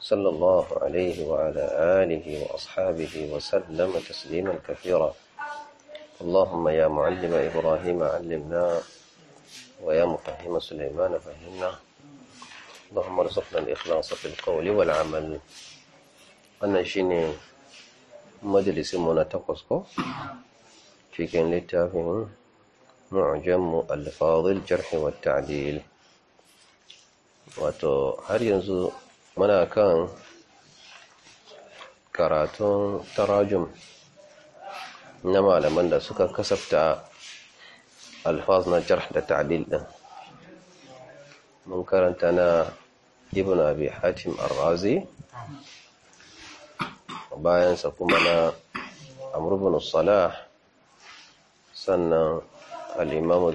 صلى الله عليه وعلى آله وأصحابه وسلم تسليما كثيرا اللهم يا معلم إبراهيم علمنا ويا مفهم سليمان فهمنا اللهم ارزقنا الإخلاص في القول والعمل أنا شيني مجلس منتقصكو في كان لتافهم معجم ألفاظ الجرح والتعديل وتو هل ينزل muna kan karatun tarajum na malaman da suka kasafta alfaz na jar da ta'lil ɗin mun karanta na ibn abi hatim ar-razi bayan kuma na amr salah sannan al-imam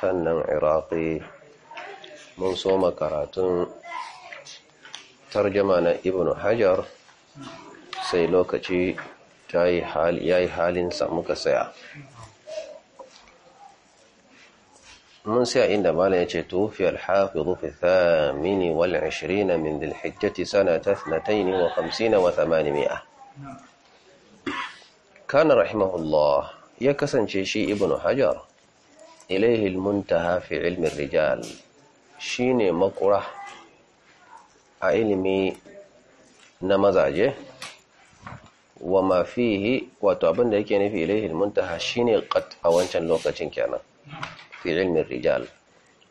sannan iraqi mun soma karatun tarjama na ibn hajar sai lokaci ya yi halinsa muka saya mun sai inda malam ya ce tufi alhafizu fi thamini wal 20 min dhil hijjati sanata 52 wa 50 wa 800 kana rahimahullah ya kasance shi ibnu hajar ilayhi almuntaha fi ilmi rijal shine makura a ilimi na mazaje wa ma fihi wato abinda yake nufi ilaihi muntaha shine qat a wancan lokacin kenan fi ilmin rijal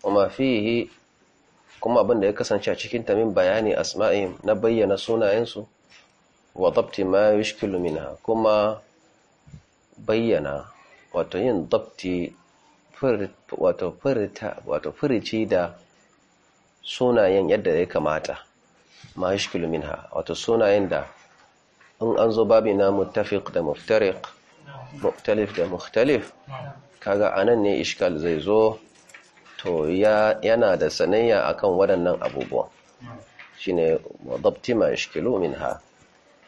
wa ma fihi kuma abinda ya kasance a cikin tamin bayani asma'i na bayyana sunayensu wa dabti ma yushkilu minha kuma bayyana wato yin dabti wato furta wato furici da sunayen yadda ya kamata ma minha wato sunayen da in an zo babi na mutafiq da muftariq muftalif da muftalif kaga anan ne ishkal zai zo to yana da sanayya akan waɗannan abubuwa shine wadabti ma yashkilu minha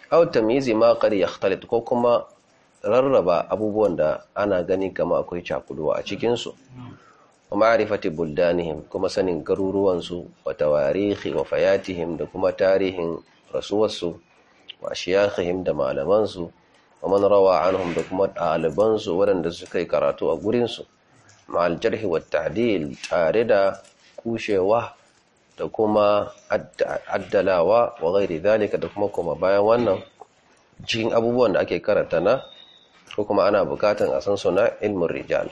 aw tamyizi ma qad yahtalit ko kuma rarraba abubuwan da ana gani kama akwai cakuduwa a cikinsu. wa ma'rifati buldanihim kuma sanin garuruwansu wa tawarihi wa fayatihim da kuma tarihin rasuwarsu wa shiyakhihim da malamansu wa man rawa anhum da kuma ɗalibansu waɗanda suka yi karatu a gurinsu ma'al jarhi wa ta'dil tare da kushewa da kuma addalawa wa ghairi zalika da kuma kuma bayan wannan cikin abubuwan da ake karanta na ko kuma ana bukatan a san suna ilmin rijal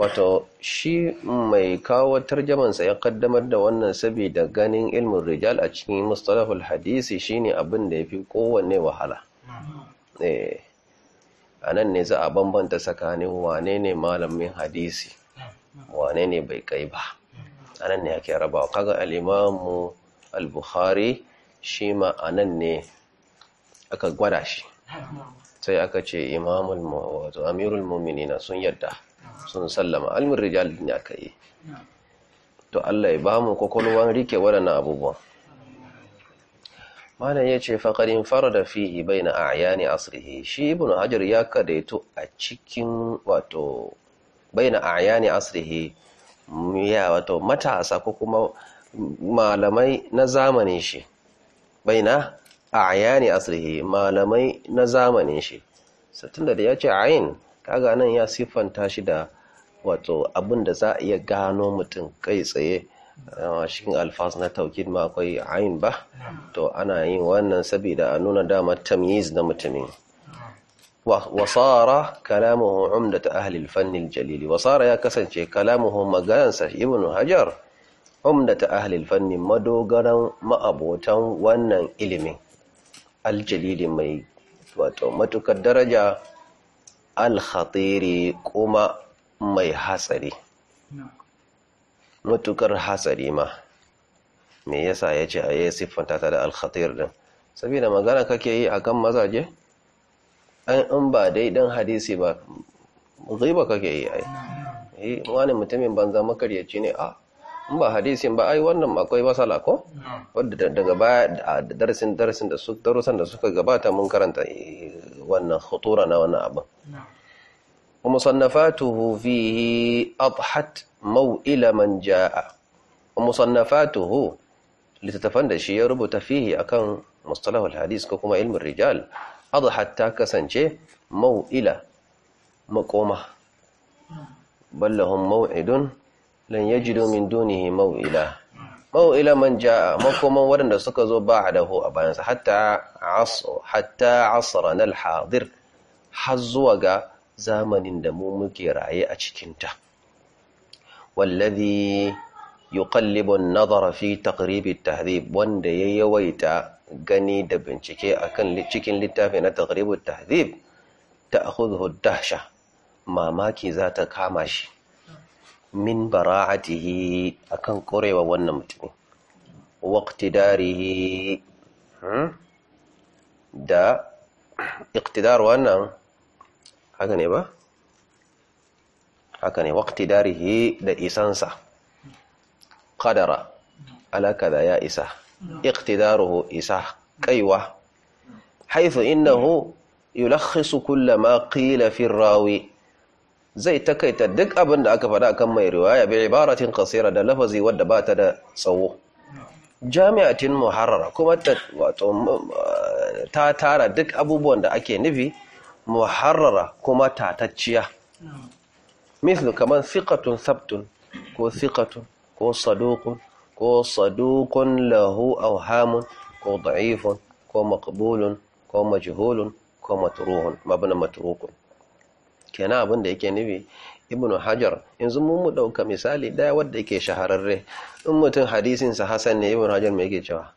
wato shi mai kawo tarjamansa ya kaddamar da wannan saboda ganin ilmin rijal a cikin mustalahul hadisi shine abin da yafi kowanne wahala eh anan ne za a bambanta tsakanin wane ne malamin hadisi wane ne bai kai ba anan ne yake rabawa kaga al-imamu al-bukhari shi ma anan ne aka gwada shi sai aka ce imamul wato amirul sun yarda. sun sallama almin rijal ne aka yi to Allah ya ba mu kwakwalwan rike waɗannan abubuwan malam ya ce faƙarin farada fihi bai na ayani asirihi shi ibn hajar ya kadaito a cikin wato bai na ayani asirihi ya wato matasa ko kuma malamai na zamanin shi bai na malamai na zamanin shi satun da ya ce ayin kaga nan ya siffanta shi da wato abin da za a iya gano mutum kai tsaye cikin alfas na taukid ma akwai ayin ba to ana yin wannan sabida a nuna dama tamyiz na mutumin wasara kalamuhu umdata ta ahlil fannin jalili wasara ya kasance kalamuhu magansa Ibn hajar umda ta ahlil fannin madogaran ma'abotan wannan ilimin aljalili mai wato matukar daraja Alkhatiri kuma mai hatsari matukar hatsari ma me yasa ya ce a yi siffanta ta da alhatir din saboda magana kake yi akan mazaje an in ba dai dan hadisi ba zai ba kake yi ai eh, wani mutumin banza makaryaci ne a in ba hadisin ba ai wannan akwai masala ko wadda daga baya darasin darasin da su darusan da suka gabata mun karanta eh, wannan khutura na wannan abin musannafatuhu fihi adhat maw'ila man jaa musannafatuhu litatafan da shi ya rubuta fihi akan mustalahul hadis ko kuma ilmin rijal adhat ta kasance maw'ila makoma ballahum maw'idun lan yajidu min dunihi maw'ila maw'ila man jaa makoman waɗanda suka zo ba hadahu a bayansa hatta asu hatta asrana har zuwa ga zamanin da mu muke raye a cikinta wallazi yuqallibu an-nazara fi takribi at-tahdhib wanda ya yawaita gani da bincike akan cikin littafi na taqrib at-tahdhib ta'khudhu ad-dahsha mamaki za ta kama shi min bara'atihi akan korewa wannan mutumin waqtidarihi hmm? da iqtidar wannan haka ne ba haka ne waqtidarihi da isansa qadara alaka da ya isa iqtidaruhu isa kaiwa حيث إنه يلخص كل ما قيل في zai takaita duk abin da aka faɗa kan mai riwaya bi ibaratin kasira da lafazi wadda ba ta da tsawo jami'atin muharrara kuma ta tara duk abubuwan da ake nufi muharrara kuma tatacciya mislu kamar sikatun sabtun ko sikatun ko saduqun ko sadukun lahu auhamun ko da'ifun ko maqbulun ko majihulun ko maturuhun mabinan matrukun kenan abin da yake nufi ibnu hajar yanzu mun mu dauka misali daya wadda yake shahararre in mutum hadisin sa hasan ne ibnu hajar me yake cewa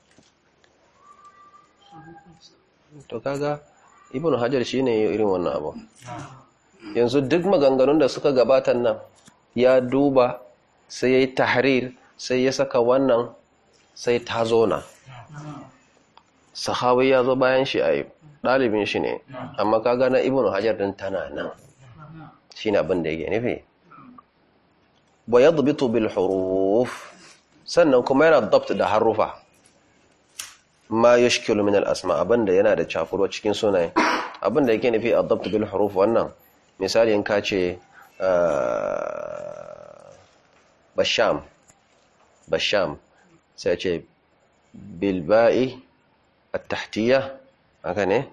to kaga ibnu hajar shine irin wannan abu yanzu duk maganganun da suka gabatan nan ya duba sai yayi tahrir sai ya saka wannan sai ta na. sahawi ya zo bayan shi ayi dalibin shi ne amma kaga na ibnu hajar din tana nan shine abin da yake nufi ya yadbitu bil huruf sannan kuma yana dabt da harufa ma yashkilu min asma abin da yana da cafurwa cikin sunayen abin da yake nufi a bil huruf wannan misali kace ka ce ah, basham basham sai ce bilba'i a tahtiyya haka ne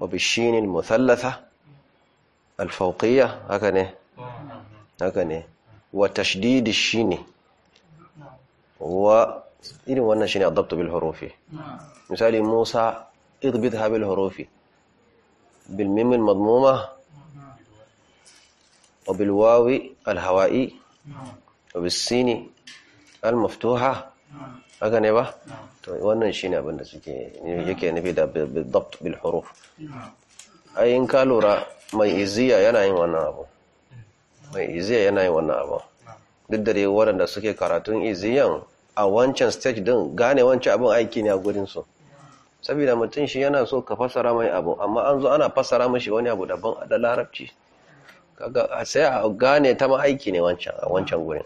wa bishin muthallatha alfauqiyya haka ne haka ne wa tashdidi shine wa irin wannan shine adabtu bil hurufi misali Musa idbitha bil hurufi bil mim al madmuma wa bil wawi al hawai wa bis sin al maftuha haka ne ba to wannan shine abin da suke yake nufi da dabt bil huruf ai in ka lura mai iziya yana yin wannan abu mai iziya yana yin wannan abu duk da dai waɗanda suke karatun iziyan a wancan stage din gane wancan abin aiki ne a gurinsu saboda mutum shi yana so ka fasara mai abu amma an zo ana fasara mashi wani abu daban a da larabci sai a gane ta ma aiki ne wancan a wancan gurin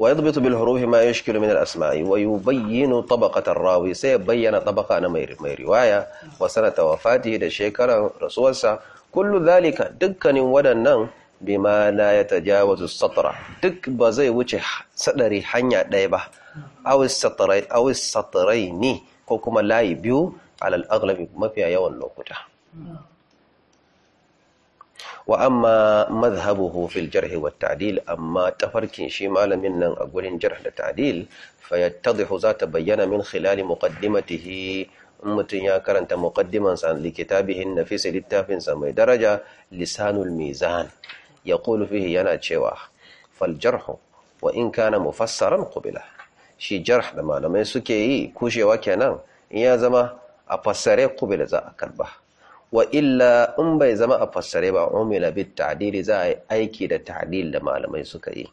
ويضبط بالحروف ما يشكل من الأسماء ويبين طبقة الراوي سيبين طبقة أنا مي رواية وسنة وفاته لشيكرا رسولسا كل ذلك دكا ودنا بما لا يتجاوز السطر دك بزي وجه سدري حنيا دايبة أو السطرين أو السطرين كوكما لا يبيو على الأغلب ما فيها يوم لوكتا wa amma madhhabuhu fil jarh wa ta'dil amma tafarkin shi malamin nan a gurin jarh da ta'dil fayattadhihu za ta bayyana min khilali muqaddimatihi in mutum ya karanta muqaddimansa likitabihin nafis littafinsa mai daraja lisanul mizan yaqulu fihi yana cewa fal jarh wa in kana mufassaran qubila shi jarh da malamai suke yi kushewa kenan in ya zama a fassare qubila za a karba wa illa in bai zama a fassare ba umila bit ta'dili za a yi aiki da ta'dil da malamai suka yi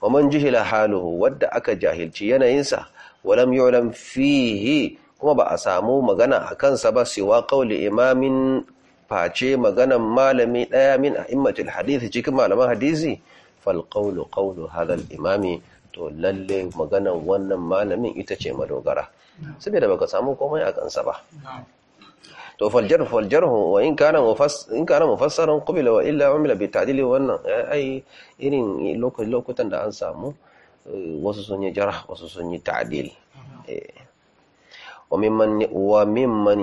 wa man jihila haluhu wadda aka jahilci yanayinsa lam yu'lam fihi kuma ba a samu magana a kansa ba siwa qawli imamin face maganan malami daya min a'immatil hadith cikin malaman hadisi fal qawlu qawlu hadha al imami to lalle maganan wannan malamin ita ce madogara saboda baka samu komai a kansa ba to faljar faljar fal wa in kana mufassar in kana wa illa umila bi ta'dili wannan eh, ai irin lokutan da an samu eh, wasu sun yi jarh wasu sun yi ta'dil وممن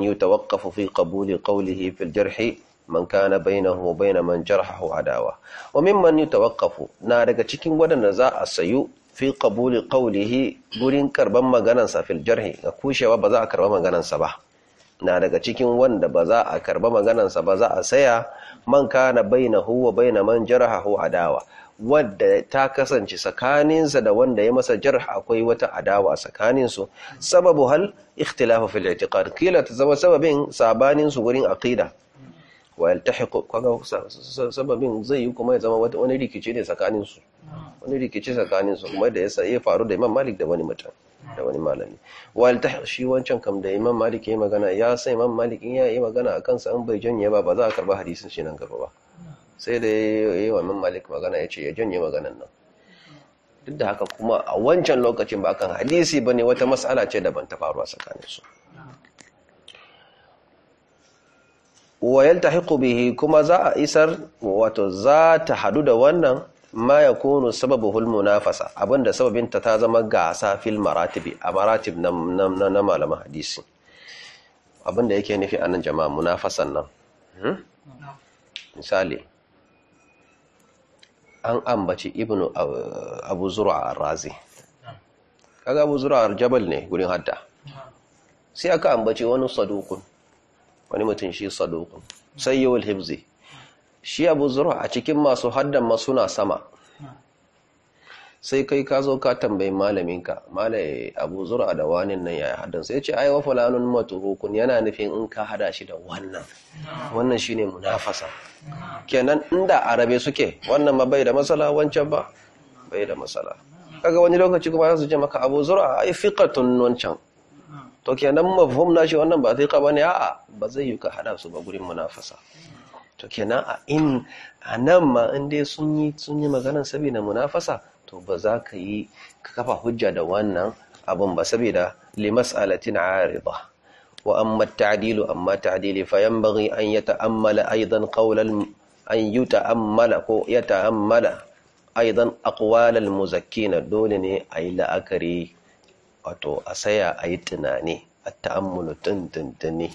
yi يتوقف fi قبول قوله في الجرح man kana bainahu wa bain man jarahu adawa wa mimman yatawaqqafu na daga cikin wadanda za a sayu fi qabuli qawlihi gurin karban maganan fil ga kushewa ba za a karba maganarsa ba na daga cikin wanda ba za a karba maganansa ba za a saya man kana baina huwa baina man jarahahu adawa wadda ta kasance tsakaninsa da wanda ya masa jarh akwai wata adawa tsakaninsu sababu hal ikhtilafu fil i'tiqad kila ta zama sababin sabanin su gurin aqida wa yaltahiqu kaga sababin zai yi kuma ya zama wani rikici ne tsakaninsu wani rikici tsakaninsu kuma da ya faru da Imam Malik da wani mutum da wani malami wal ta shi wancan kam da imam malik yi magana ya sai imam malik in yi magana a kansa an bai janye ba ba za a karba hadisin shi nan gaba ba sai da yi wa imam malik magana ce ya janye maganan nan duk da haka kuma a wancan lokacin ba kan hadisi ba ne wata matsala ce daban ta faruwa tsakanin su wa yaltahiqu bihi kuma za a isar wato za ta hadu da wannan ma ya kono sababu fasa, abinda sababinta ta zama gasa fil maratibi a maratib na malama hadisi abinda yake nufi anan jama'a munafasan nan hmm? misali an ambaci ibnu abu zura razi kaga abu zura jabal ne wurin hadda sai aka ambaci wani sadukun wani mutum shi sadukun sai yawal hibzi shi abu zuru a cikin masu haddan masuna sama sai kai ka zo ka tambayi malaminka malai abu zura da wanin nan ya haddan sai ce ai wa fulanun hukun yana nufin in ka hada shi da wannan wannan shine munafasa kenan inda arabe suke wannan ma bai da masala wancan ba bai da masala kaga wani lokaci kuma su je maka abu zura ai fiqatun wancan to kenan mafhum shi wannan ba fiqa bane a'a ba zai yi ka hada su ba gurin munafasa to kenan a in anan ma inda sun yi sun yi maganar saboda munafasa to ba za ka yi ka kafa hujja da wannan abun ba saboda limas'alatin aridah wa amma ta'dilu amma ta'dili fa yanbaghi an yata'ammala aidan qawlan an yuta'ammala ko yata'ammala aidan aqwalal muzakkin dole ne a yi la'akari wato a saya a yi tunani at ta'ammulu tuntuntuni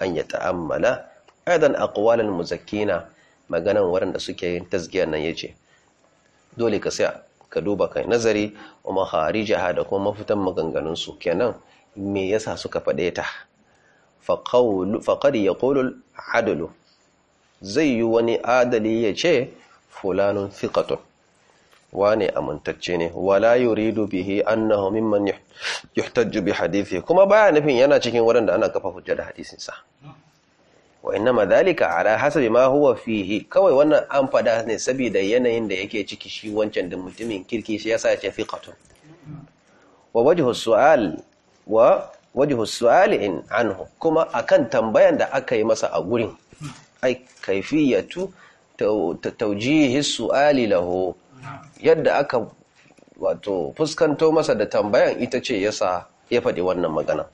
an yata'ammala aidan aqwalal muzakkina maganan waɗanda suke yin tazkiyar nan yace dole ka sai ka duba kai nazari kuma maharijaha da kuma mafitan maganganun su kenan me yasa suka fade ta faƙad ya ƙolul zai yi wani adali yace ce fulanun thiqatu wane amintacce ne wala yuridu bihi annahu mimman yuhtajju bi hadithi kuma baya nufin yana cikin waɗanda ana kafa hujja da hadisinsa wa inna madhalika ala hasabi ma huwa fihi kawai wannan an fada ne saboda yanayin da yake ciki shi wancan da mutumin kirki shi yasa ce fiqatun wa wajhu su'al wa wajhu su'al in anhu kuma akan tambayan da aka yi masa a gurin ai kayfiyatu tawjihi su'al lahu yadda aka wato fuskanto masa da tambayan ita ce yasa ya faɗi wannan magana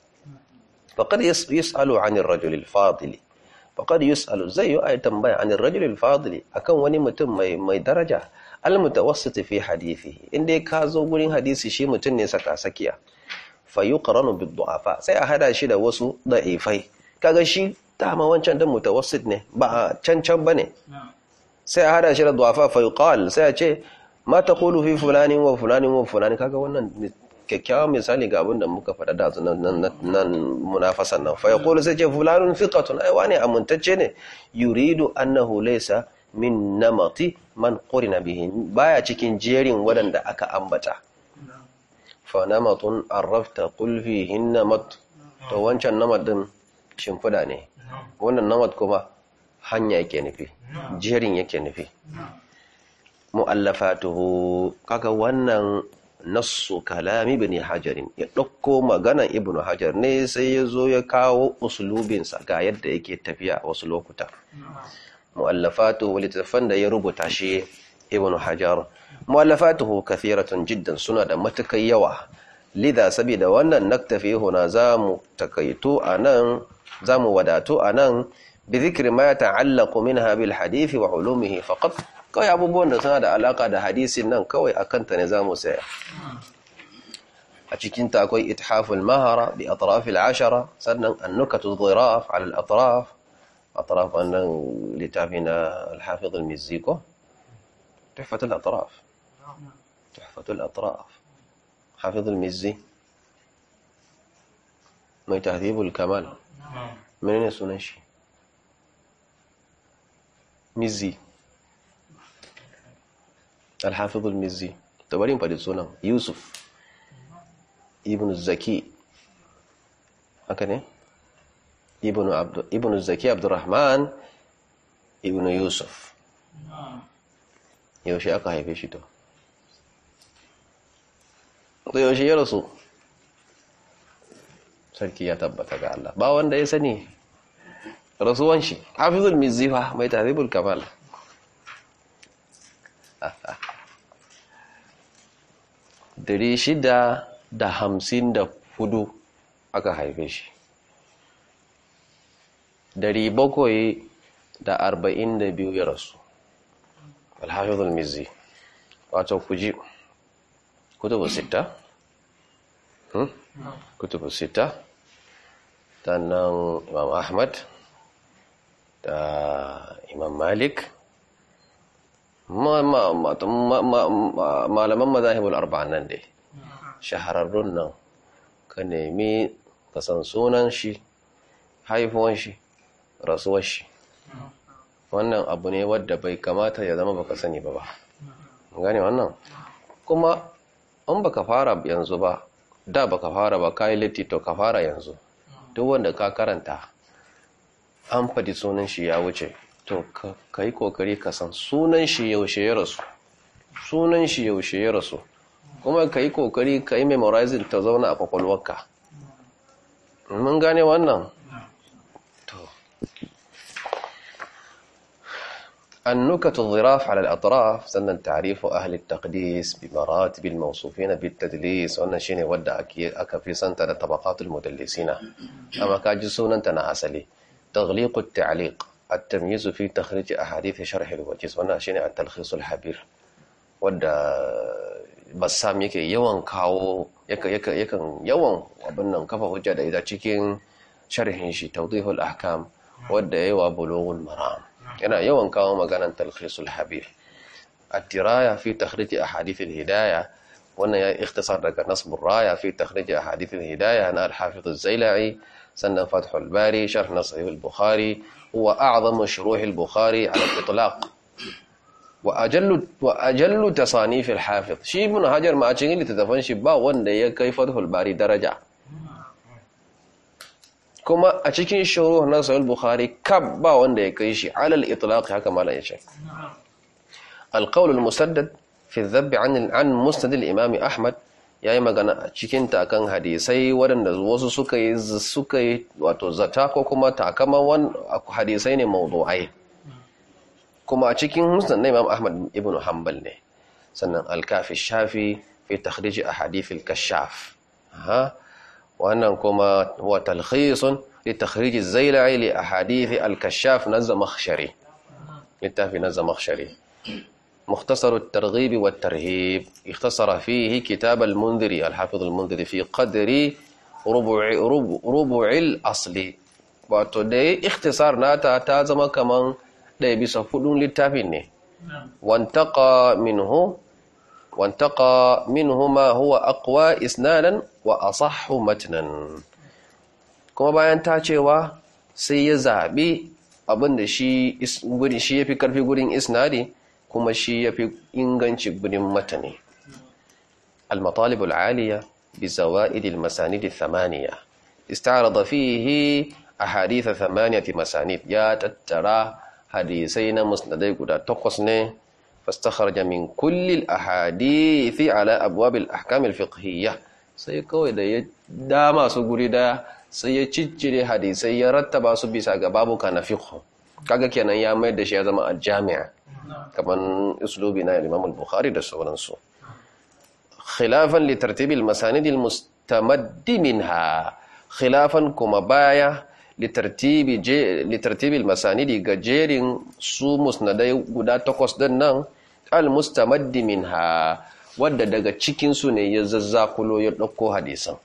faqad yas'alu 'anil rajulil fadili faqad yus'alu zai yi tambaya an ar-rajul fadli akan wani mutum mai mai daraja al-mutawassit fi hadithi inda ka zo gurin hadisi shi mutum ne saka sakiya fa yuqranu bid du'afa sai a hada shi da wasu da'ifai kaga shi dama wancan din mutawassit ne ba cancan bane sai a hada shi da du'afa fa yuqal sai a ce ma taqulu fi fulani wa fulani wa fulani kaga wannan kyakkyawan misali ga abin da muka faɗa da su nan munafasan nan fa kula, sai ce fulanun fiƙatun ai wani amintacce ne yuridu annahu laysa min namati man ƙorina bihi baya cikin jerin waɗanda aka ambata fa namatun arrafta ƙulfi, hin namat to wancan namat din shimfida ne wannan namat kuma hanya yake nufi jerin yake nufi mu'allafatuhu kaga wannan nassu kalami ibn hajarin ya ɗauko maganan ibn hajar ne sai ya zo ya kawo usulubinsa ga yadda yake tafiya a wasu lokuta mu'allafatu littafan da ya rubuta shi ibn hajar mu'allafatuhu kathiratun jiddan suna da matukai yawa lida saboda wannan naktafi huna zamu takaitu anan zamu wadatu anan bi dhikri ma ta'allaqu minha bil hadisi wa ulumihi faqat kawai abubuwan da suna da alaka da hadisin nan kawai a kanta ne zamu mu saya a ta akwai ithaful mahara bi atrafil ashara sannan annukatu dhiraf ala al atraf atraf annan litafina al hafiz al miziko ko al atraf tuhfatul atraf hafiz al mizzi mai tahdhibul kamal menene sunan shi mizzi alhafizul mizzi da bari faɗi sunan yusuf ibn zaki haka ne ibn zaki abdurrahman ibn yusuf yaushe aka haife shi to da yaushe ya rasu sarki ya tabbata ga Allah ba wanda ya sani rasuwan shi hafizul mizzifa mai tarihul kamal ah, ah. dari shida da hamsin da hudu aka haife shi dari bakwai da arba'in da biyu ya rasu alhafizul mizi wato kuji kutubu sita hmm? kutubu sita nan imam ahmad da imam malik malaman mazahibul arba'an nan dai shahararrun nan ka nemi ka san sunan shi haifuwan shi rasuwar shi wannan abu ne wadda bai kamata ya zama baka sani ba ba gane wannan kuma in baka fara yanzu ba da baka fara ba kai litti to ka fara yanzu duk wanda ka karanta an fadi sunan shi ya wuce to ka kokari ka san sunan shi yaushe ya rasu sunan shi yaushe ya kuma kayi kokari ka yi memorizing ta zauna a kwakwalwarka mun gane wannan to annuka tuziraf ala al'atraf sannan tarifu ahalin takdis bi maratibin mausufi na bitadlis wannan shi ne wadda aka fi santa da tabakatul modalisina amma ka sunanta na asali تغليق التعليق at-tamyizu fi takhrij ahadith sharh al shine at bassam yake yawan kawo yakan yawan abin nan kafa hujja da ita cikin sharhin shi tawdihul ahkam wanda yayi wa yana yawan kawo maganan talkhisul habir at-tiraya fi takhrij ahadith al Hidaya wannan ya ikhtisar daga nasbur raya fi takhrij ahadith al Hidaya na al-hafiz az-zailai sannan fathul bari sharh nasih al-bukhari هو أعظم شروح البخاري على الإطلاق وأجل وأجل تصانيف الحافظ شي من هاجر ما أتشغل تتفن شبا وانده يكي فتح الباري درجة كما أتشكين شروح نصر البخاري كبا وانده يكيشي على الإطلاق هكما لا يشك القول المسدد في الذب عن عن مسند الإمام أحمد ya yi magana a cikin takan hadisai waɗanda wasu suka yi suka yi wato zata ko kuma takaman hadisai ne mawdu'ai kuma a cikin musnad na Imam Ahmad ibn Hanbal ne sannan al Shafi fi takhrij a hadifin kashaf wannan kuma wa talkhisun li takhrij az a li ahadith na Zamakhshari littafi na مختصر الترغيب والترهيب اختصر فيه كتاب المنذري الحافظ المنذري في قدر ربع ربع, ربع الأصل wato dai ikhtisar nata ta zama kaman ɗaya bisa kuɗin littafin ne wantaka minhu wantaka minhu ma huwa aqwa isnadan wa asahhu matnan kuma bayan ta cewa sai ya zaɓi abinda shi shi yafi karfi gurin isnadi kuma shi ya fi inganci gurin matane al-matalib al-aliya bi zawaid al-masanid thamaniya istarada fihi ahadith thamaniyati masanid ya tattara hadisai na musnadai guda takwas ne fastakharaja min kulli al-ahadith ala abwab al-ahkam sai kawai da ya dama su guri daya sai ya ciccire hadisai ya rattaba su bisa ga babuka na fiqh kaga kenan ya mai da shi ya zama a jamia kamar uslubi na Imam al-Bukhari da sauransu khilafan li tartibil masanidil mustamaddi minha khilafan kuma baya litartibil masanidi ga jerin su musnadai guda takwas din nan al-mustamaddi minha wadda daga cikinsu ne ya zazzakulo ya ɗauko hadisan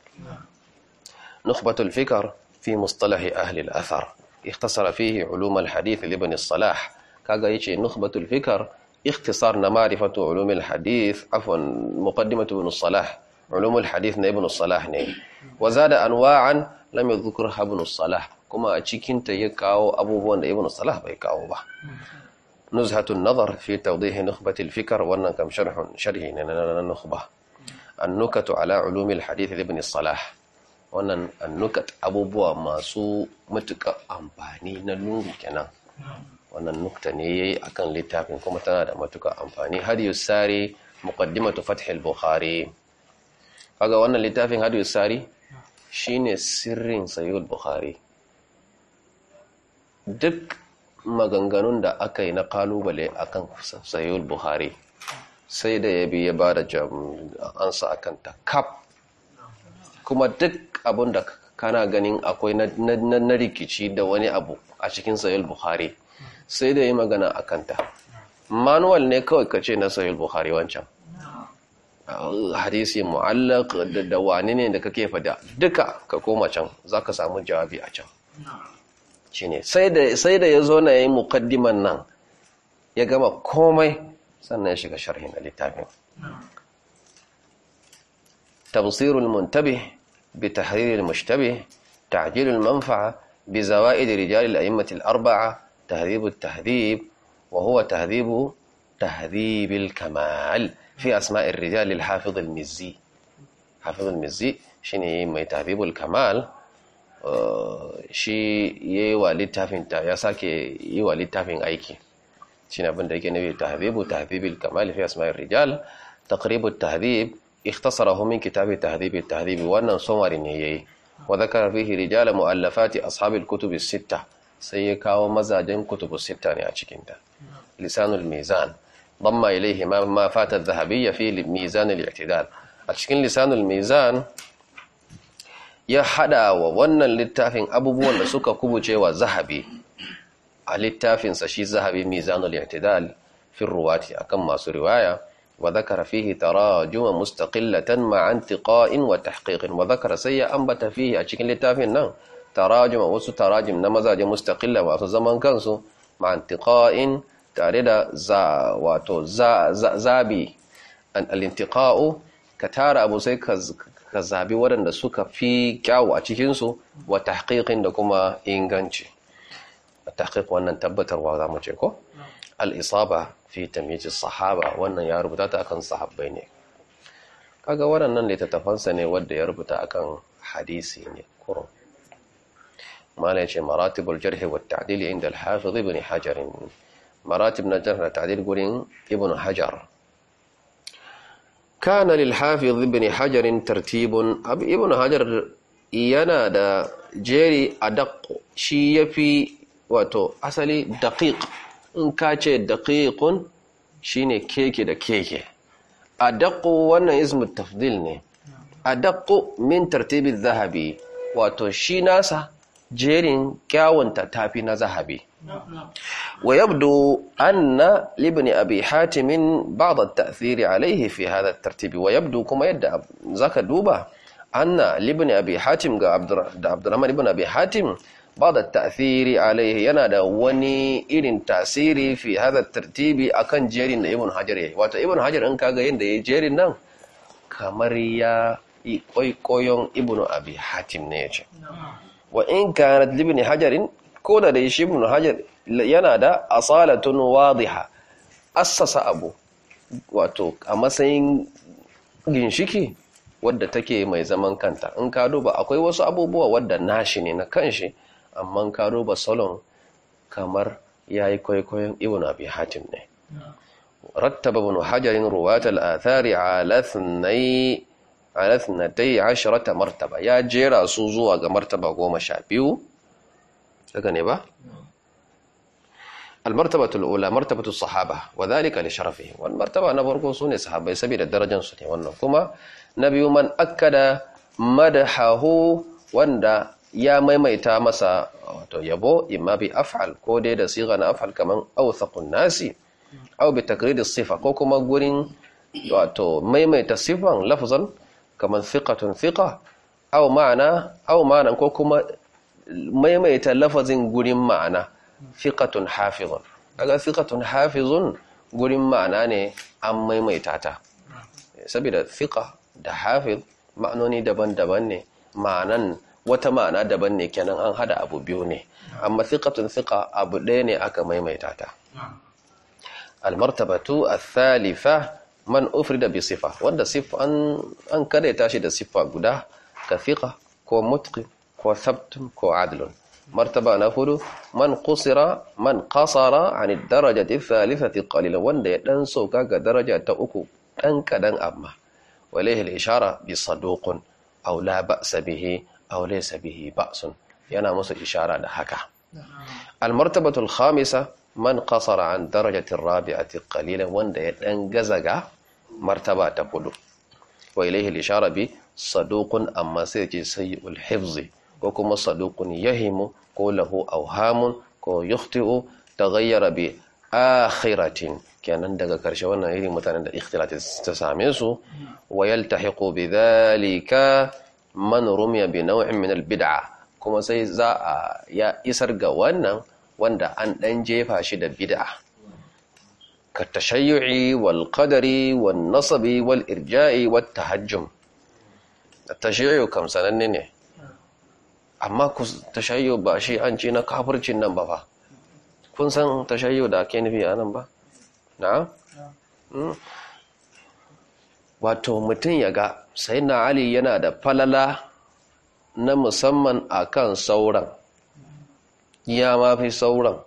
nukhbatul fikar fi mustalahi ahli al-athar ikhtasara fihi ulum al-hadith li ibn salah kaga yace nukhbatul fikr ikhtisar na ma'rifatu ulumul hadith afwan muqaddimatu ibn salah ulumul hadith na ibn salah ne wa zada anwa'an lam yadhkurha ibn salah kuma a cikin ta ya kawo abubuwan da ibn salah bai kawo ba nuzhatun nazar fi tawdih nukhbatil fikr wannan kam sharhun sharhi ne na nukhba annukatu ala ulumil hadith ibn salah wannan annukat abubuwa masu matuƙa amfani na lungu kenan wannan nukta ne yayi akan littafin kuma tana da matuka amfani hadiyu sari muqaddimatu fathil bukhari kaga wannan littafin hadiyu sari shine sirrin sayyid bukhari duk maganganun da aka yi na kalubale akan sayyid bukhari sai da yabi ya bada ansa akan ta kap kuma duk abun da kana ganin akwai na rikici da wani abu a cikin sayyid bukhari sai da yi magana a kanta manuwal ne kawai kace na sahih bukhari wancan hadisi mu'allaq da wani ne da kake fada duka ka koma can zaka samu jawabi a can shine sai da sai da yazo na yi muqaddiman nan ya gama komai sannan ya shiga sharhin littafin تبصير المنتبه بتحرير المشتبه تعجيل المنفعة بزوائد رجال الأئمة الأربعة تهذيب التهذيب وهو تهذيب تهذيب الكمال في أسماء الرجال للحافظ المزي حافظ المزي شيني ما تهذيب الكمال آه، شي يوالي تافين تاياساكي يوالي تافين أيكي شيني أبن دايكي نبي تهذيب تهذيب الكمال في أسماء الرجال تقريب التهذيب اختصره من كتاب تهذيب التهذيب وانا صور وذكر فيه رجال مؤلفات أصحاب الكتب الستة sai ya kawo mazajen kutubu sita ne a cikinta lisanul mizan ضم ma ما, ما فات fi في ميزان a cikin lisanul mizan ya hada wa wannan littafin abubuwan da suka kubuce wa zahabi a littafinsa shi zahabi mizanul i'tidal fi ruwati akan masu riwaya wa dhakara fihi tarajuma mustaqillatan ma intiqa'in wa tahqiqin wa dhakara sai ya ambata fihi a cikin littafin nan tarajim wasu tarajim na mazaje mustaqilla masu zaman kansu ma'antiqa'in tare da za wato zabi al-intiqa'u ka tara abu sai ka zabi waɗanda suka fi kyawu a cikinsu wa tahqiqin da kuma inganci tahqiq wannan tabbatarwa za mu ce ko al-isaba fi tamyiz sahaba wannan ya rubuta ta akan sahabbai ne kaga waɗannan littattafansa ne wadda ya rubuta akan hadisi ne kurun ما ليش مراتب الجرح والتعديل عند الحافظ ابن حجر مراتب الجرح والتعديل قولين ابن حجر كان للحافظ ابن حجر ترتيب ابن حجر ينادى جيري أدق شي في واتو أسلي دقيق إن كاتش دقيق شيني كيكي دا كيكي أدق وانا اسم التفضيل أدق من ترتيب الذهبي واتو شي ناسا jerin kyawunta ta fi na zahabi wa yabdo anna libni abi hatimin ba'd tasiri a alayhi fi hada tartibi wa yabdo kuma yadda zaka duba anna libni abi hatim ga abdurrahman ibn abi hatim ba'd tasiri a alayhi yana da wani irin tasiri fi hada tartibi a akan jerin da ibn hajar yayi wato ibn hajar in kaga yanda yayi jerin nan kamar ya yi kwaikwayon ibn abi hatim ne ya ce. wa in kanat libni hajarin ko da dai shi ibn hajar yana da asalatun wadiha assasa abu wato a matsayin ginshiki wadda take mai zaman kanta in ka duba akwai wasu abubuwa wadda nashi ne na kanshi amma ka duba salon kamar yayi kwaikwayon ibn abi hatim ne rattaba ibn hajarin ruwatul athari ala ithnai ala thnatai martaba ya jera su zuwa ga martaba goma sha biyu daga ne ba almartabatul ula martabatu sahaba wa dhalika li sharafihi wal martaba na farko sune sahabbai saboda darajar su ne wannan kuma na biyu man akkada madahahu wanda ya maimaita masa wato yabo imma bi af'al ko dai da siga na af'al kaman awthaqun nasi aw bi sifa ko kuma gurin wato maimaita sifan lafzan kamar thiqatun siƙa. Au ma'ana au ma'ana ko kuma maimaita lafazin gurin ma'ana thiqatun hafizun kaga thiqatun hafizun gurin ma'ana ne an maimaita ta saboda siƙa da hafiz ma'anoni daban-daban ne ma'anan wata ma'ana daban ne kenan an hada abu biyu ne amma thiqatun siƙa abu ɗaya ne aka maimaita ta al-martabatu ath-thalitha man ufrida bi sifa wanda sifa an an kadaita shi da sifa guda ka fiqa ko mutqi ko thabt ko adlun martaba na hudu man qusira man qasara an darajati thalithati qalilan wanda ya dan sauka ga daraja ta uku dan kadan amma walayhi al-ishara bi saduqun aw la ba'sa bihi aw laysa bihi ba'sun yana musu ishara da haka al-martabatu al-khamisa man qasara an darajati ar-rabi'ati qalilan wanda ya dan gazaga martaba ta hudu wa ilaihi lishara bi saduqun amma sai ce sayyul hifzi ko kuma saduqun yahimu ko lahu awhamun ko yukhti'u taghayyara bi akhiratin kenan daga karshe wannan irin mutanen da ikhtilati ta same su wa yaltahiqu bidhalika man rumiya bi naw'in min albid'a kuma sai za a ya isar ga wannan wanda an dan jefa shi da bid'a Ka كالتشيع والقدر والنصب والإرجاء والتهجم التشيع sananne ne amma ku tashayyo ba shi an ce na kafircin nan ba fa kun san tashayyo da ake nufi a nan ba na? wato mutum ya ga sai na ali yana da falala na musamman akan sauran ya mafi sauran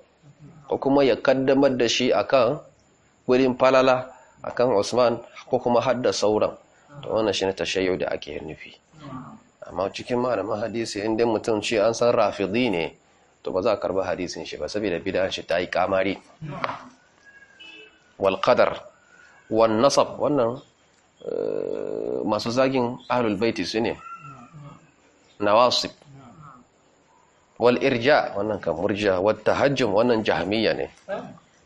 ko kuma ya kaddamar da shi akan wurin falala akan Usman ko kuma hadda sauran to wannan shine tashayyu da ake nufi amma cikin malaman hadisi inda mutum ce an san rafidi ne to ba za a karba hadisin shi ba saboda bid'an shi ta yi kamari wal qadar wannan eh, masu zagin ahlul baiti su ne nawasib wal irja wannan kan murja wat tahajjum wannan jahmiya ne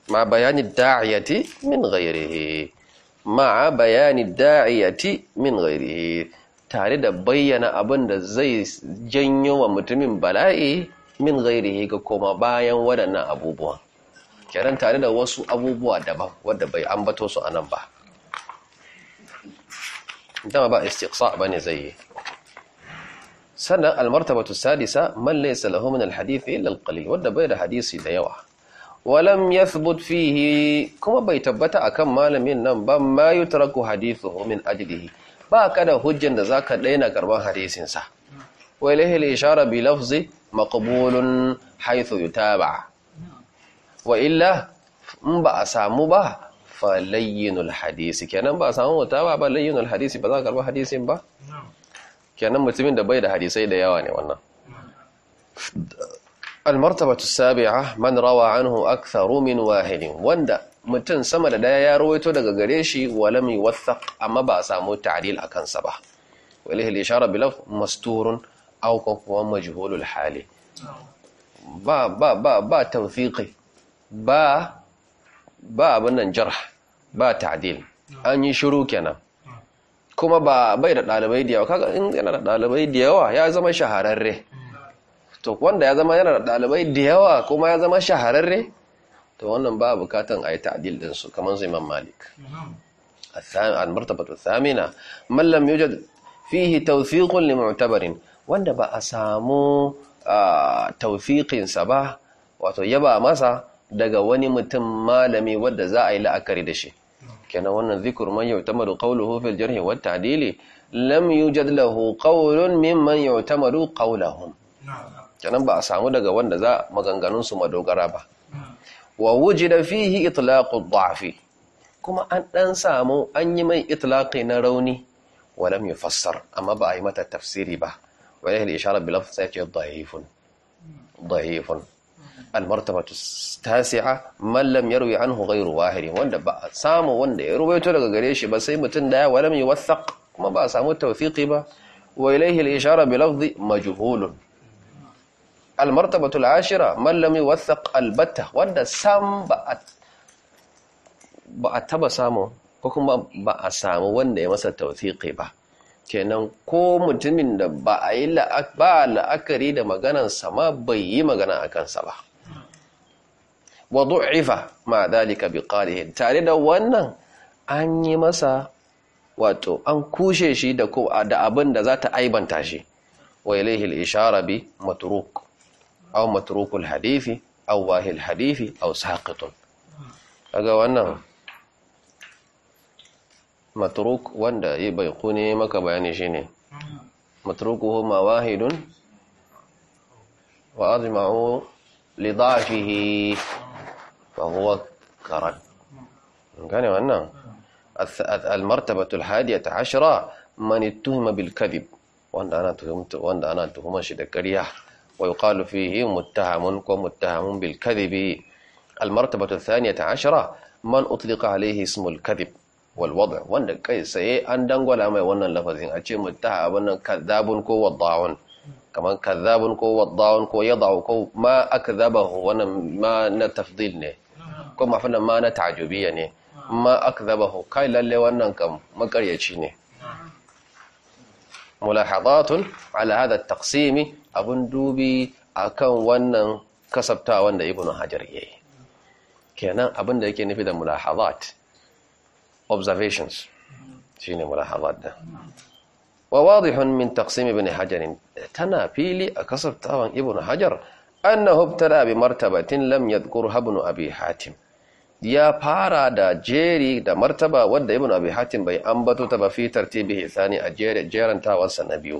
ma bayani da'iyati min ghairihi ma bayanin da'iyati min ghairihi tare da bayyana abin da zai janyo wa mutumin bala'i min ghairihi ga koma bayan waɗannan abubuwan kenan tare da wasu abubuwa daban wadda bai ambato su anan ba dama ba istiqsa bane zai yi sannan martabatu sadisa man laysa lahu min alhadith illa wadda bai da hadisi da yawa walam yathbut fihi kuma bai tabbata akan malamin nan ba ma yutraku hadithuhu min ajlihi ba ka da hujjan da zaka daina karban hadisin sa wa ilayhi al-ishara bi lafzi maqbulun haythu yutaba wa illa in ba a samu ba fa layyinul hadisi kenan ba a samu mutaba ba layyinul hadisi ba za ka karba hadisin ba kenan mutumin da bai da hadisai da yawa ne wannan almartabatu sabi'a Rawa, rawa anhu aktharu min wahidin Wanda mutum sama da daya ya rawaito daga gare shi walam yuwathaq amma ba a samu ta'dil akan sa ba walihi al-ishara bi lafz masturun aw kuwa majhulul hali ba ba ba ba tawfiqi ba ba abin jarh ba ta'dil an yi shiru kenan kuma ba bai da dalibai da yawa kaga in yana da dalibai da yawa ya zama shahararre to wanda ya zama yana da ɗalibai da yawa kuma ya zama shahararre to wannan ba bukatan a yi ta'adil ɗinsu kamar su imam malik al-martabatu thamina mallam yau fihi tawfiqun li mu'tabarin wanda ba a samu tawfiqin ba wato yaba masa daga wani mutum malami wanda za a yi la'akari da shi Kena wannan zikur man yu'tamaru qawluhu fil jarh wa ta'dili lam yujad lahu qawlun mimman yu'tamaru ƙaunar na'am kenan ba a samu daga wanda za maganganun su madogara ba wa wujida fihi itlaqu dhafi kuma an dan samu an yi mai itlaqi na rauni Wala mai fassar amma ba a yi mata tafsiri ba wa yahi ishara bi lafz sai ce dha'ifun dha'ifun المرتبة التاسعة من لم يروي عنه غير واحد wanda ba samu wanda ya rubaito daga gare shi ba sai mutun Wala mai yuwathaq kuma ba a samu tawfiqi ba wa ilayhi al-ishara bi lafzi majhulun almartabatul ashira mallami wathaq albatta wanda sam ba a taba samu ko kuma ba a samu wanda ya masa tawfiqi ba kenan ko mutumin da ba a yi la'akari da maganan sama bai yi magana a kansa ba wa du'ifa ma dalika bi qalihi tare da wannan an yi masa wato an kushe shi da ko da abin da za ta aibanta shi wa ilayhi al-ishara bi matruk aw matrukul hadifi aw wahil hadifi aw saqitun kaga wannan matruk wanda ya bai kune maka bayani shine matrukuhu ma wahidun wa azma'u li dhafihi fa huwa karan gane wannan المرتبة الحادية عشرة من اتهم بالكذب وان انا تهمت وان انا تهمت شي da ƙarya wa yuqalu fihi muttahamun ko muttahamun bil kadhibi al martabatu thaniyata ashara man utliqa alayhi ismul kadhib wal wanda kai sai an dangwala mai wannan lafazin a ce muttahamun nan kadhabun ko wad'un kaman kadhabun ko wad'un ko yad'u ko ma akdhabahu wannan ma na tafdil ne ko mafana ma na ne ma kai lalle wannan kam ne mulahadatun ala hada taqsimi abun dubi akan wannan kasabta wanda ibn hajar yayi kenan abin da yake nufi da mulahadat observations shine mulahadat da wa wadihun min taqsim ibn hajar tana fili a kasabtawan ibn hajar annahu ibtada bi martabatin lam yadhkurha ibn abi hatim ya fara da jeri da martaba wadda ibn abi hatim bai ambato ta ba fi tartibi hisani a jerantawarsa na biyu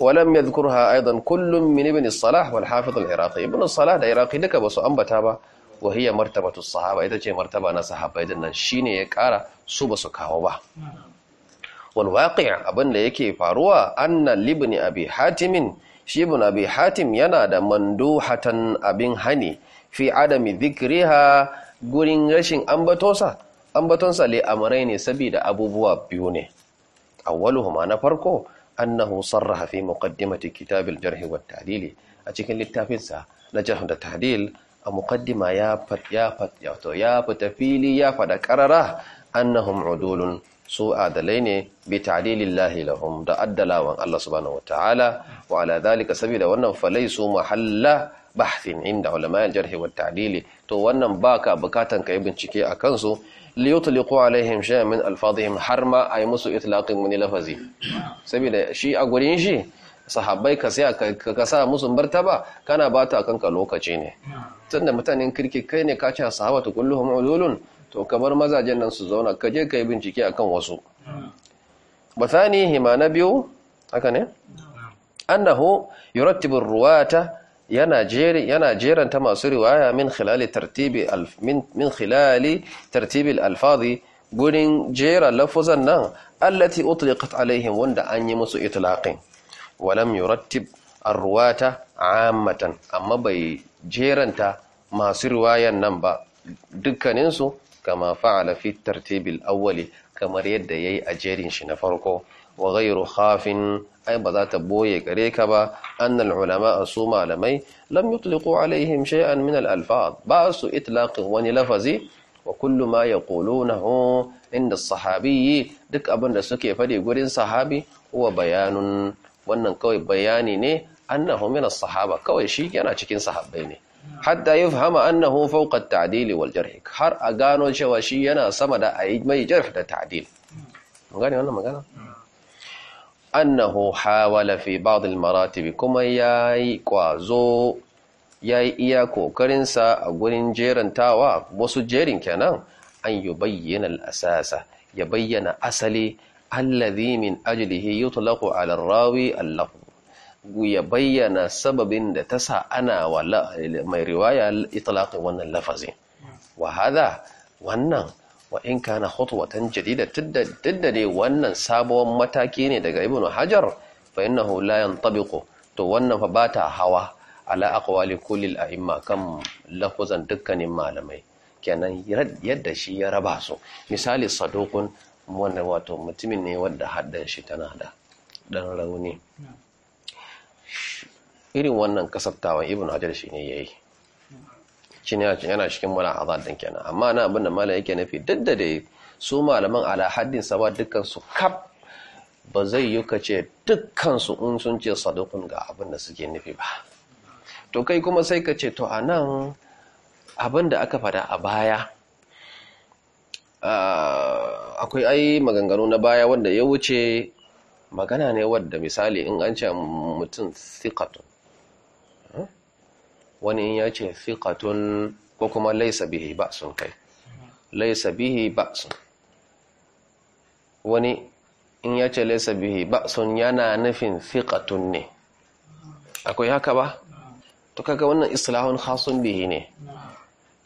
ولم يذكرها أيضا كل من ابن الصلاح والحافظ العراقي ابن الصلاح العراقي duka basu ambata ba وهي مرتبة sahaba? ita ce martaba na sahabbai din nan shine ya kara su basu kawo ba wal waqi' abin da yake faruwa anna libni abi hatim shi ibn abi hatim yana da manduhatan abin hani fi adami dhikriha gurin rashin ambatonsa ambatonsa le ne saboda abubuwa biyu ne awwaluhuma na farko annahu sarraha fi muqaddimati kitabil jarh wa ta'dil a cikin littafinsa na jarh da ta'dil a muqaddima ya fat ya fat ya to ya fata fili ya fada qarara annahum udulun su adalai ne bi ta'dilillahi lahum da addalawan Allah subhanahu wa ta'ala wa ala dhalika sabida wannan falaisu mahalla Bahsin inda ulama al-jarh wa ta'dil to wannan baka bukatan kai bincike a kansu li yutliqu alaihim shay'an min alfadhihim har ma ay musu itlaqin min lafazi saboda shi a gurin shi sahabbai ka sai ka sa musu martaba kana bata kanka lokaci ne tunda mutanen kirki kai ne ka ce sahabatu kulluhum ululun to kamar mazajen nan su zauna ka je kai bincike akan wasu bathani hima na biyu haka ne annahu yurattibu ruwata yana yana jeranta masu riwaya min khilali tartibi min khilali tartibil alfazi gurin jera lafuzan nan allati utliqat alaihim wanda an yi musu itlaqin walam yurattib arwata ammatan amma bai jeranta masu riwayan nan ba dukkaninsu kama fa'ala fi tartibil awwali kamar yadda yayi a jerin shi na farko wa ghayru khafin ai ba za ta boye gare ka ba annal ulama su malamai lam yutliqu alaihim shay'an min al-alfaz ba su itlaqin wani lafazi wa kullu ma yaqulunahu inda sahabi duk abin da suke fade gurin sahabi huwa bayanun wannan kawai bayani ne annahu min as-sahaba kawai shi yana cikin sahabbai ne hatta yafhama annahu fawqa at-ta'dil wal jarh har a gano cewa shi yana sama da ayi mai jarh da ta'dil gane wannan magana أنه حاول في بعض المراتب كما ياي كوازو ياي إيا كرنسا أقولين جيران تاوا بوسو جيرين كان أن يبين الأساس يبين أسلي الذي من أجله يطلق على الراوي اللفظ ويبين سبب تسعى أنا ولا ما رواية الإطلاق وانا اللفظ نعم. وهذا وانا wa in kana khutwatan jadida tidda ne wannan sabon mataki ne daga ibnu hajar fa innahu la yantabiqu to wannan fa bata hawa ala aqwali kulli al-a'imma kam lafuzan dukkanin malamai kenan yadda shi ya raba su misali sadukun wanda wato mutumin ne wanda haddan shi tana da dan rauni irin wannan kasaftawan ibnu hajar shi ne yayi shi ne yana cikin mulahazat din kenan amma na abin da malam yake nufi duk da dai su malaman ala haddin sa ba dukkan su kaf ba zai yi ka ce dukkan su in sun ce sadukun ga abin da suke nufi ba to kai kuma sai ka ce to anan abin da aka fada a baya ah, akwai ai maganganu na baya wanda ya wuce magana ne wadda misali in an ce mutum sikatun wani in ya ce fiƙatun ko kuma laisa bihi ba sun kai laisa bihi ba sun wani in ya ce laisa bihi ba sun yana nufin fiƙatun ne akwai haka ba to kaga wannan islahun hasun bihi ne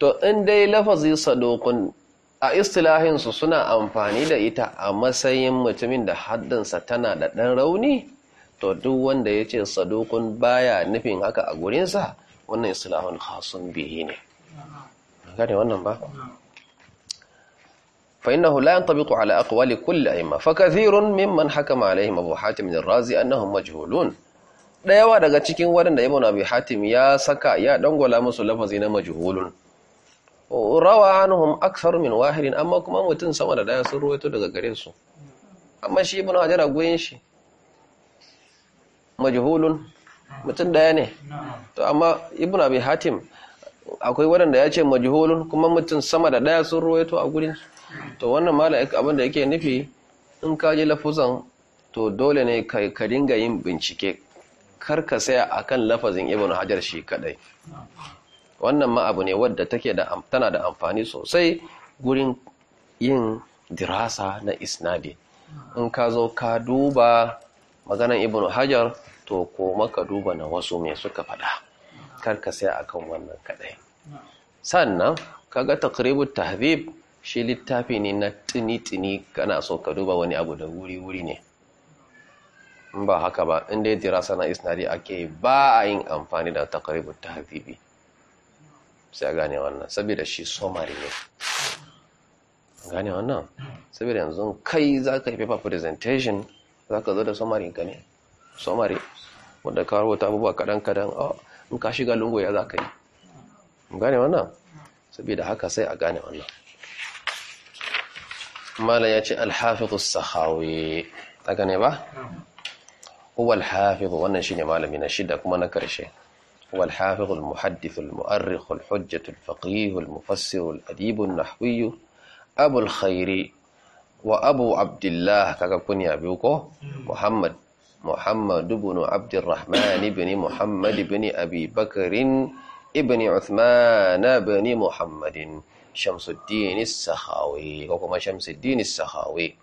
to in dai lafazi sadokun a istilahinsu suna amfani da ita a matsayin mutumin da haddansa tana da ɗan rauni to duk wanda ya ce sadokun baya nufin haka a gurinsa wannan islahun hasun bihi ne gane wannan ba فإنه لا ينطبق على أقوال كل أئمة فكثير ممن حكم عليهم haka حاتم الرازي أنهم مجهولون da yawa daga cikin wadanda Ibn Abi Hatim ya saka ya dangwala musu lafazi na majhulun rawa anhum aktharu min amma kuma mutum sama da daya sun ruwaito daga gare su amma shi Ibn Hajar a shi majhulun mutum daya ne to amma ibn abi hatim akwai waɗanda ya ce majhulun kuma mutum sama da daya sun ruwaito a gurin to wannan mala abin da yake nufi in ka ji lafuzan to dole ne ka dinga yin bincike kar ka saya a kan lafazin ibn hajar shi kadai wannan ma abu ne wadda take da tana da amfani sosai gurin yin dirasa na isnadi in ka zo ka duba maganan ibn hajar to ko maka duba na wasu mai suka faɗa kar ka sai akan wannan kadai. sannan kaga takribu tahzib shi littafi ne na tini-tini kana so ka duba wani abu da wuri-wuri ne in ba haka ba inda ya jira sana isnari ake ba a yin amfani da takribu tahzibi sai gane wannan saboda shi somari ne gane wannan saboda yanzu kai za ka yi paper presentation za ka zo da somari ka ne samare wanda ka rubuta abubuwa kadan-kadan a oh, in ka shiga lungu ya za ka yi gane wannan saboda haka sai a gane wannan mala ya ce alhafizu sahawi daga ne ba? huwa alhafizu wannan shi ne malami na shida kuma na karshe huwa alhafizu almuhaddithu almu'arrikhu alhujjatu alfaqihu almufassiru aladibu alnahwiyu abu alkhairi wa abu abdullah kaga kunya biyu ko muhammad محمد بن عبد الرحمن بن محمد بن أبي بكر بن عثمان بن محمد شمس الدين السخاوي وكما شمس الدين السخاوي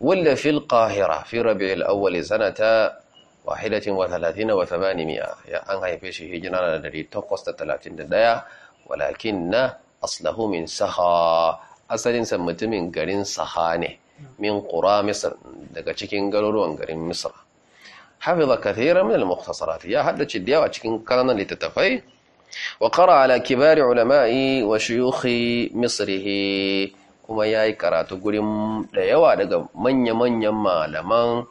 ولا في القاهرة في ربيع الأول سنة واحدة وثلاثين وثمانمائة يا أنها يفيش هجرة الذي تقص ثلاثين دايا ولكن أصله من سخا أصل سمت من قرن سخانه min ƙura Misir daga cikin garuruwan garin hafi hafiza kathira min al-mukhtasarat ya haddace da yawa cikin kananan littattafai wa qara ala kibari ulama'i wa shuyukh misrih kuma yayi karatu gurin da yawa daga manya-manyan malaman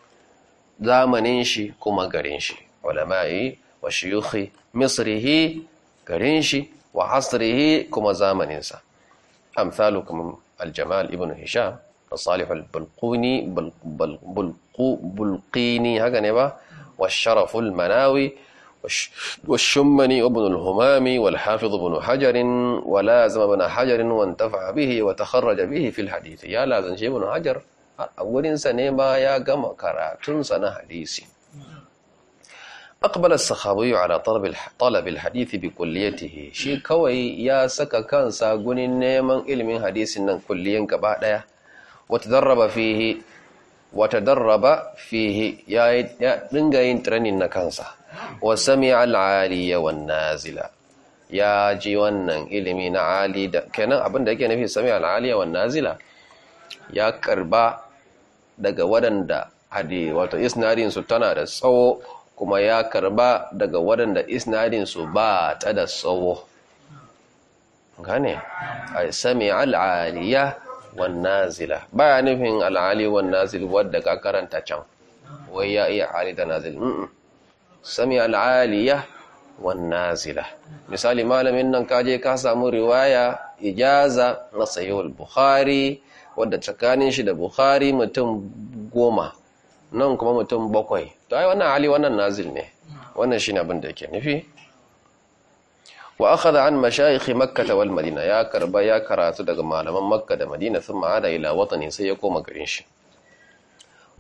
zamanin shi kuma garin shi ulama'i wa shuyukh misrih garin shi wa hasrihi kuma zamaninsa amsalukum al-jamal ibn hisham salih al-balquni bulqini haka ne ba wa sharaf al-manawi والشمني وابن الهمام والحافظ بن حجر ولازم بن حجر وانتفع به وتخرج به في الحديث يا لازم شي بن حجر أولين سنما يا قم كراتون سنة حديثي أقبل السخاوي على طلب طلب الحديث بكليته شي كوي يا سكا كان ساقون النيمان علم حديث نن كليا كبعد watadarraba fihi watadarraba fihi ya dinga yin training na kansa wa sami'a al-aliya wan nazila ya ji wannan ilimi na ali da kenan abin da yake nufi sami'a al-aliya wan nazila ya karba daga wadanda hade wato isnadin su tana da tsawo kuma ya karba daga wadanda isnadin su ba ta da tsawo gane ai sami'a al-aliya wannazila Ba ya nufin al'ali wannazil wadda ka karanta can wai ya iya hali da nazil sami al'aliya wannazila misali malamin nan kaje ka samu riwaya ijaza na sayuwar bukhari wadda tsakanin shi da buhari mutum goma nan kuma mutum bakwai to ai wannan hali wannan nazil ne wannan shine abin da yake nufi wa akhadha an mashayikh makkah wal madina ya karba ya karatu daga malaman makka da madina sun ma'ada ila watani sai ya koma garin shi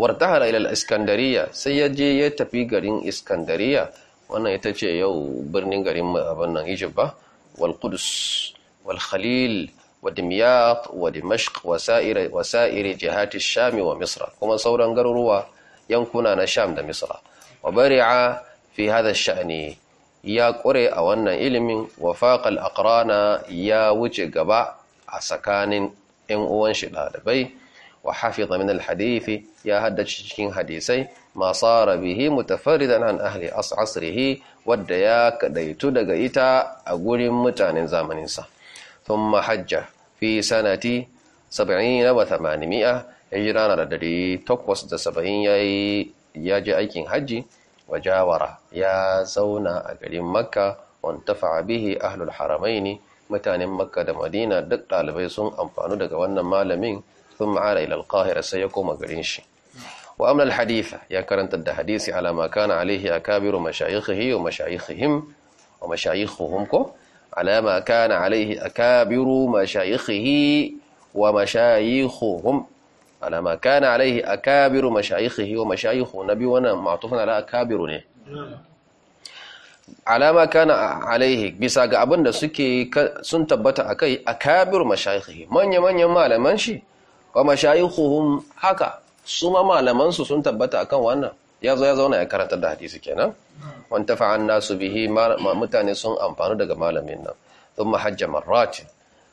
wartahara ila al-iskandariya sai ya je ya tafi garin iskandariya wannan ita ce yau birnin garin abin nan Egypt ba wal Qudus wal Khalil wa Dimyat wa Dimashq wa sa'ir wa sa'ir jihati Sham wa Misra kuma sauran garuruwa yankuna na Sham da Misra wa bari'a fi hadha sha'ni ya ƙure a wannan ilimin wa faƙal aqrana ya wuce gaba a tsakanin 'yan uwan shi ɗalibai wa hafi min alhadithi ya haddace cikin hadisai ma sara bihi da nan ahli asrihi wadda ya kadaitu daga ita a gurin mutanen zamaninsa tun mahajja fi sanati 70 wa 800 da 870 ya je aikin hajji wajawara ya zauna a garin makka wantafa bihi ahlul haramaini mutanen makka da madina duk ɗalibai sun amfanu daga wannan malamin sun ma'ara ilal qahira sai ya koma garin shi wa amna haditha ya karanta da hadisi ala ma kana alaihi akabiru mashayikhihi wa mashayikhihim ko ala ma kana alaihi akabiru mashayikhihi wa mashayikhuhum على ما كان عليه أكابر مشايخه ومشايخه النبي wannan, معطوفا على أكابر ne alama kana alaihi bisa ga abin da suke sun tabbata akai akabir mashayikhi manya manyan malaman shi wa mashayikhuhum haka su ma malaman su sun tabbata akan wannan yazo ya zauna ya karanta da hadisi kenan wan tafa'an nasu bihi mutane sun amfanu daga malamin nan thumma hajja marrat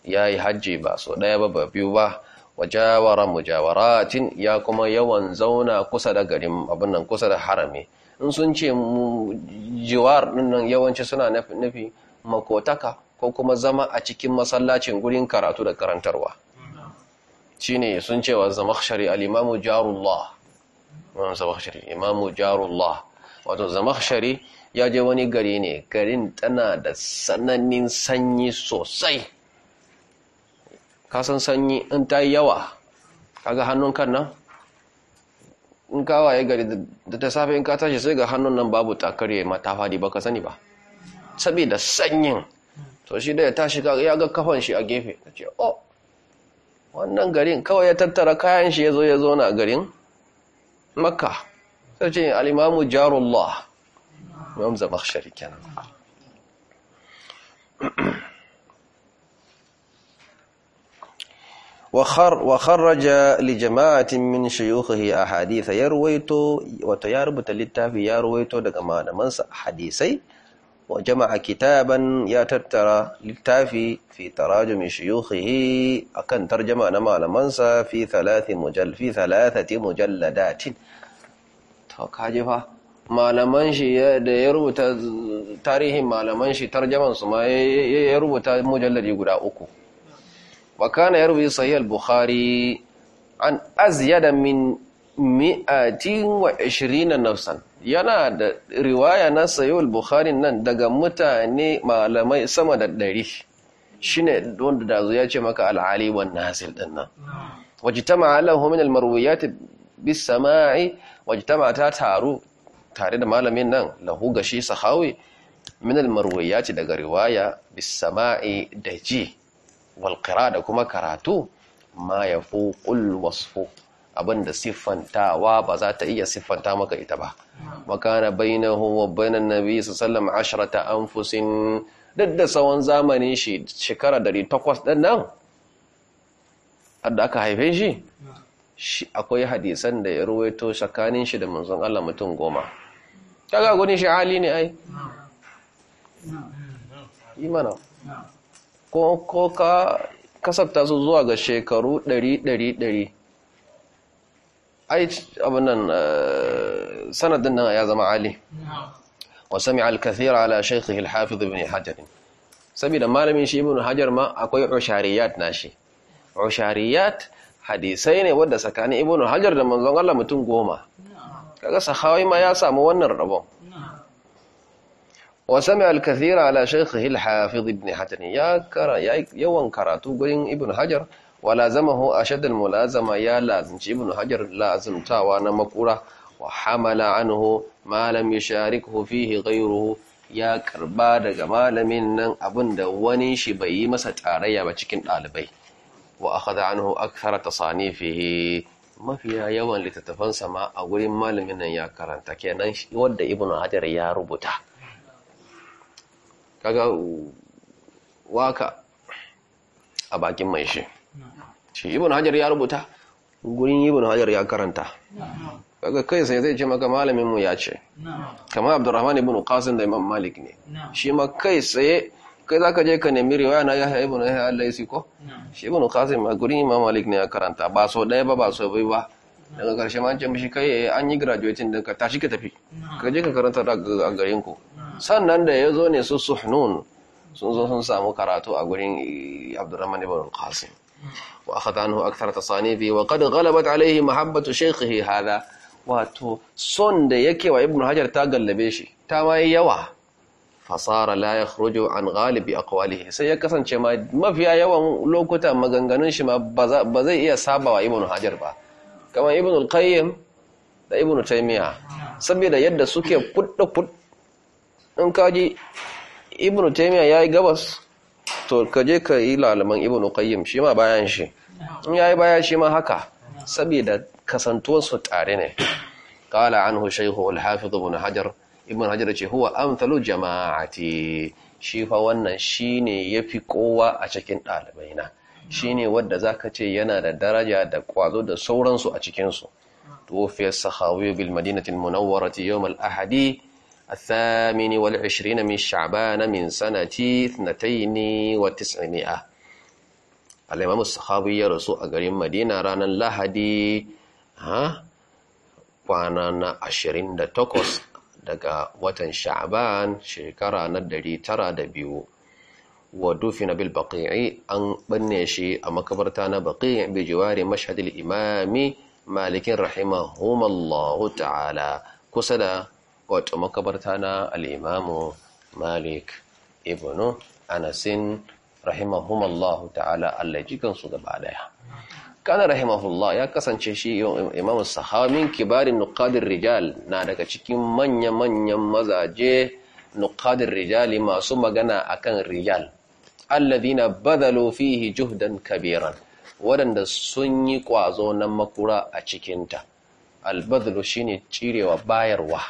yayi hajji ba so daya ba ba biyu ba wajawara mujawaratin ya kuma yawan zauna kusa da garin abin kusa da harami in sun ce jiwar nan yawanci suna nufi makotaka ko kuma zama a cikin masallacin gurin karatu da karantarwa shine sun ce wa zama shari al’imamu jarullah imamu zamakhshari imamu jarullah wato ya je wani gari ne garin tana da sananin sanyi sosai Ka san sanyi in ta yi yawa kaga hannun kan nan in kawa ya gari da ta safe in ka tashi sai ga hannun nan babu takarye ma ta fadi ka sani ba saboda sanyin to shi da ya tashi kaga ya ga kafan shi a gefe ta ce oh wannan garin kawai ya tattara kayan shi ya zo ya zo na garin makka sai ce alimamu jarullah imam zamakhshari kenan وخرج لجماعة من شيوخه أحاديث يرويتو وتياربت للتافي يرويتو دقما دمانس حديثي وجمع كتابا يتترى للتافي في تراجم شيوخه أكن ترجمة نما لمنسى في ثلاث مجل في ثلاثة مجلدات تكاجفة malaman shi da ya rubuta tarihin malaman shi tarjaman su ma ya rubuta mujalladi guda uku وكان يروي صحيح البخاري عن أزيد من mi'atin wa yana da riwaya na sayo bukhari nan daga mutane malamai sama da ɗari shi ne wanda da ya ce maka al'ali wani hasil ɗin nan waje ta ma'alahu min ta bis sama'i waje ta ta taru tare da malamin nan lahu gashi sahawi min ta daga riwaya bis sama'i da ji walƙira da kuma karatu ma ya fi wasfo abinda siffantawa ba za ta iya siffanta maka ita ba makana bainahu na bainan su sallam an fusin duk da tsawon zamanin shi shekara 800 ɗan nan hadda aka haife shi akwai hadisan da ya ruwaito tsakanin shi da manzon Allah mutum goma kaga gudun shi hali ne ai imanau ko ko ka kasabta su zuwa ga shekaru ɗari ɗari ai abin nan eh, sanadin nan ya zama ali wa sami al ala shaykhihi al ibn hajar saboda malamin shi ibn hajar ma akwai na shi ushariyat hadisai ne wadda tsakanin ibn hajar da manzon Allah mutum goma kaga sahawai ma ya samu wannan rabon وسمع الكثير على شيخه الحافظ ابن حجر يا كرا يا يوان كراتو غرين ابن حجر ولازمه أشد الملازمة يا لازم ابن حجر لازم تاوانا مكورة وحمل عنه ما لم يشاركه فيه غيره ya karba daga malamin nan abin da wani shi bai yi masa tarayya ba cikin ɗalibai wa akhadha anhu akthar tasanifihi mafiya yawan littattafansa ma a gurin malamin nan ya karanta kenan wanda ibnu hajar ya rubuta kaga waka a bakin mai shi shi ibn hajar ya rubuta gurin ibn hajar ya karanta kaga kai sai zai ce maka malaminmu ya ce kamar abdurrahman ibn qasim da imam malik ne shi ma kai sai kai zaka je ka nemi riwaya na yahya ibn yahya al-laisi ko shi ibn qasim ma gurin imam malik ne ya karanta ba so dai ba ba so bai ba daga karshe ma an ce mishi kai eh, an yi graduating din ka tashi ka tafi ka je ka karanta daga garin ku sannan da ya zo ne su suhnun sun zo sun samu karatu a gurin abdurrahman ibn qasim wa akhadha anhu akthar tasanifi wa qad ghalabat alayhi mahabbatu shaykhihi hada wato son da yake wa ibn hajar ta gallabe shi ta mai yawa fasara la yakhruju an ghalibi aqwalihi sai ya kasance ma mafiya yawan lokuta maganganun shi ma ba zai iya sabawa ibn hajar ba kamar ibn al-qayyim da ibn taymiya saboda yadda suke kudda in ka ji ibnu taymiya yayi gabas to kaje ka yi lalaman ibnu qayyim shi ma bayan shi in yayi baya shi ma haka saboda kasantuwar su tare ne qala anhu shaykhu al-hafiz ibn hajar ibn hajar ce huwa amthalu jama'ati shi fa wannan shine yafi kowa a cikin dalibaina shine wanda zaka ce yana da daraja da kwazo da sauransu a cikin su توفي السخاوي بالمدينة munawwarati يوم Ahadi. الثامن والعشرين من min من سنة اثنتين وتسعمائة الإمام الصحابي رسول أقريم مدينة رانا لهدي kwana na ashirin da takwas daga watan sha'aban shekara na dari tara da biyu wa dufina bil an binne shi a makabarta na baqi'i bi jiwari mashhadil imami malikin rahimahumallahu ta'ala kusa da wato makabarta na al'imamu malik ibn anasin rahimahumallahu ta'ala Allah jikansu gaba daya kana rahimahullah ya kasance shi imamu sahamin kibarin nukadin rijal na daga cikin manya-manyan mazaje nukadin rijali masu magana a akan rijal allazina badalo fihi juhdan kabiran waɗanda sun yi ƙwazo na makura a cikinta shi ne cirewa bayarwa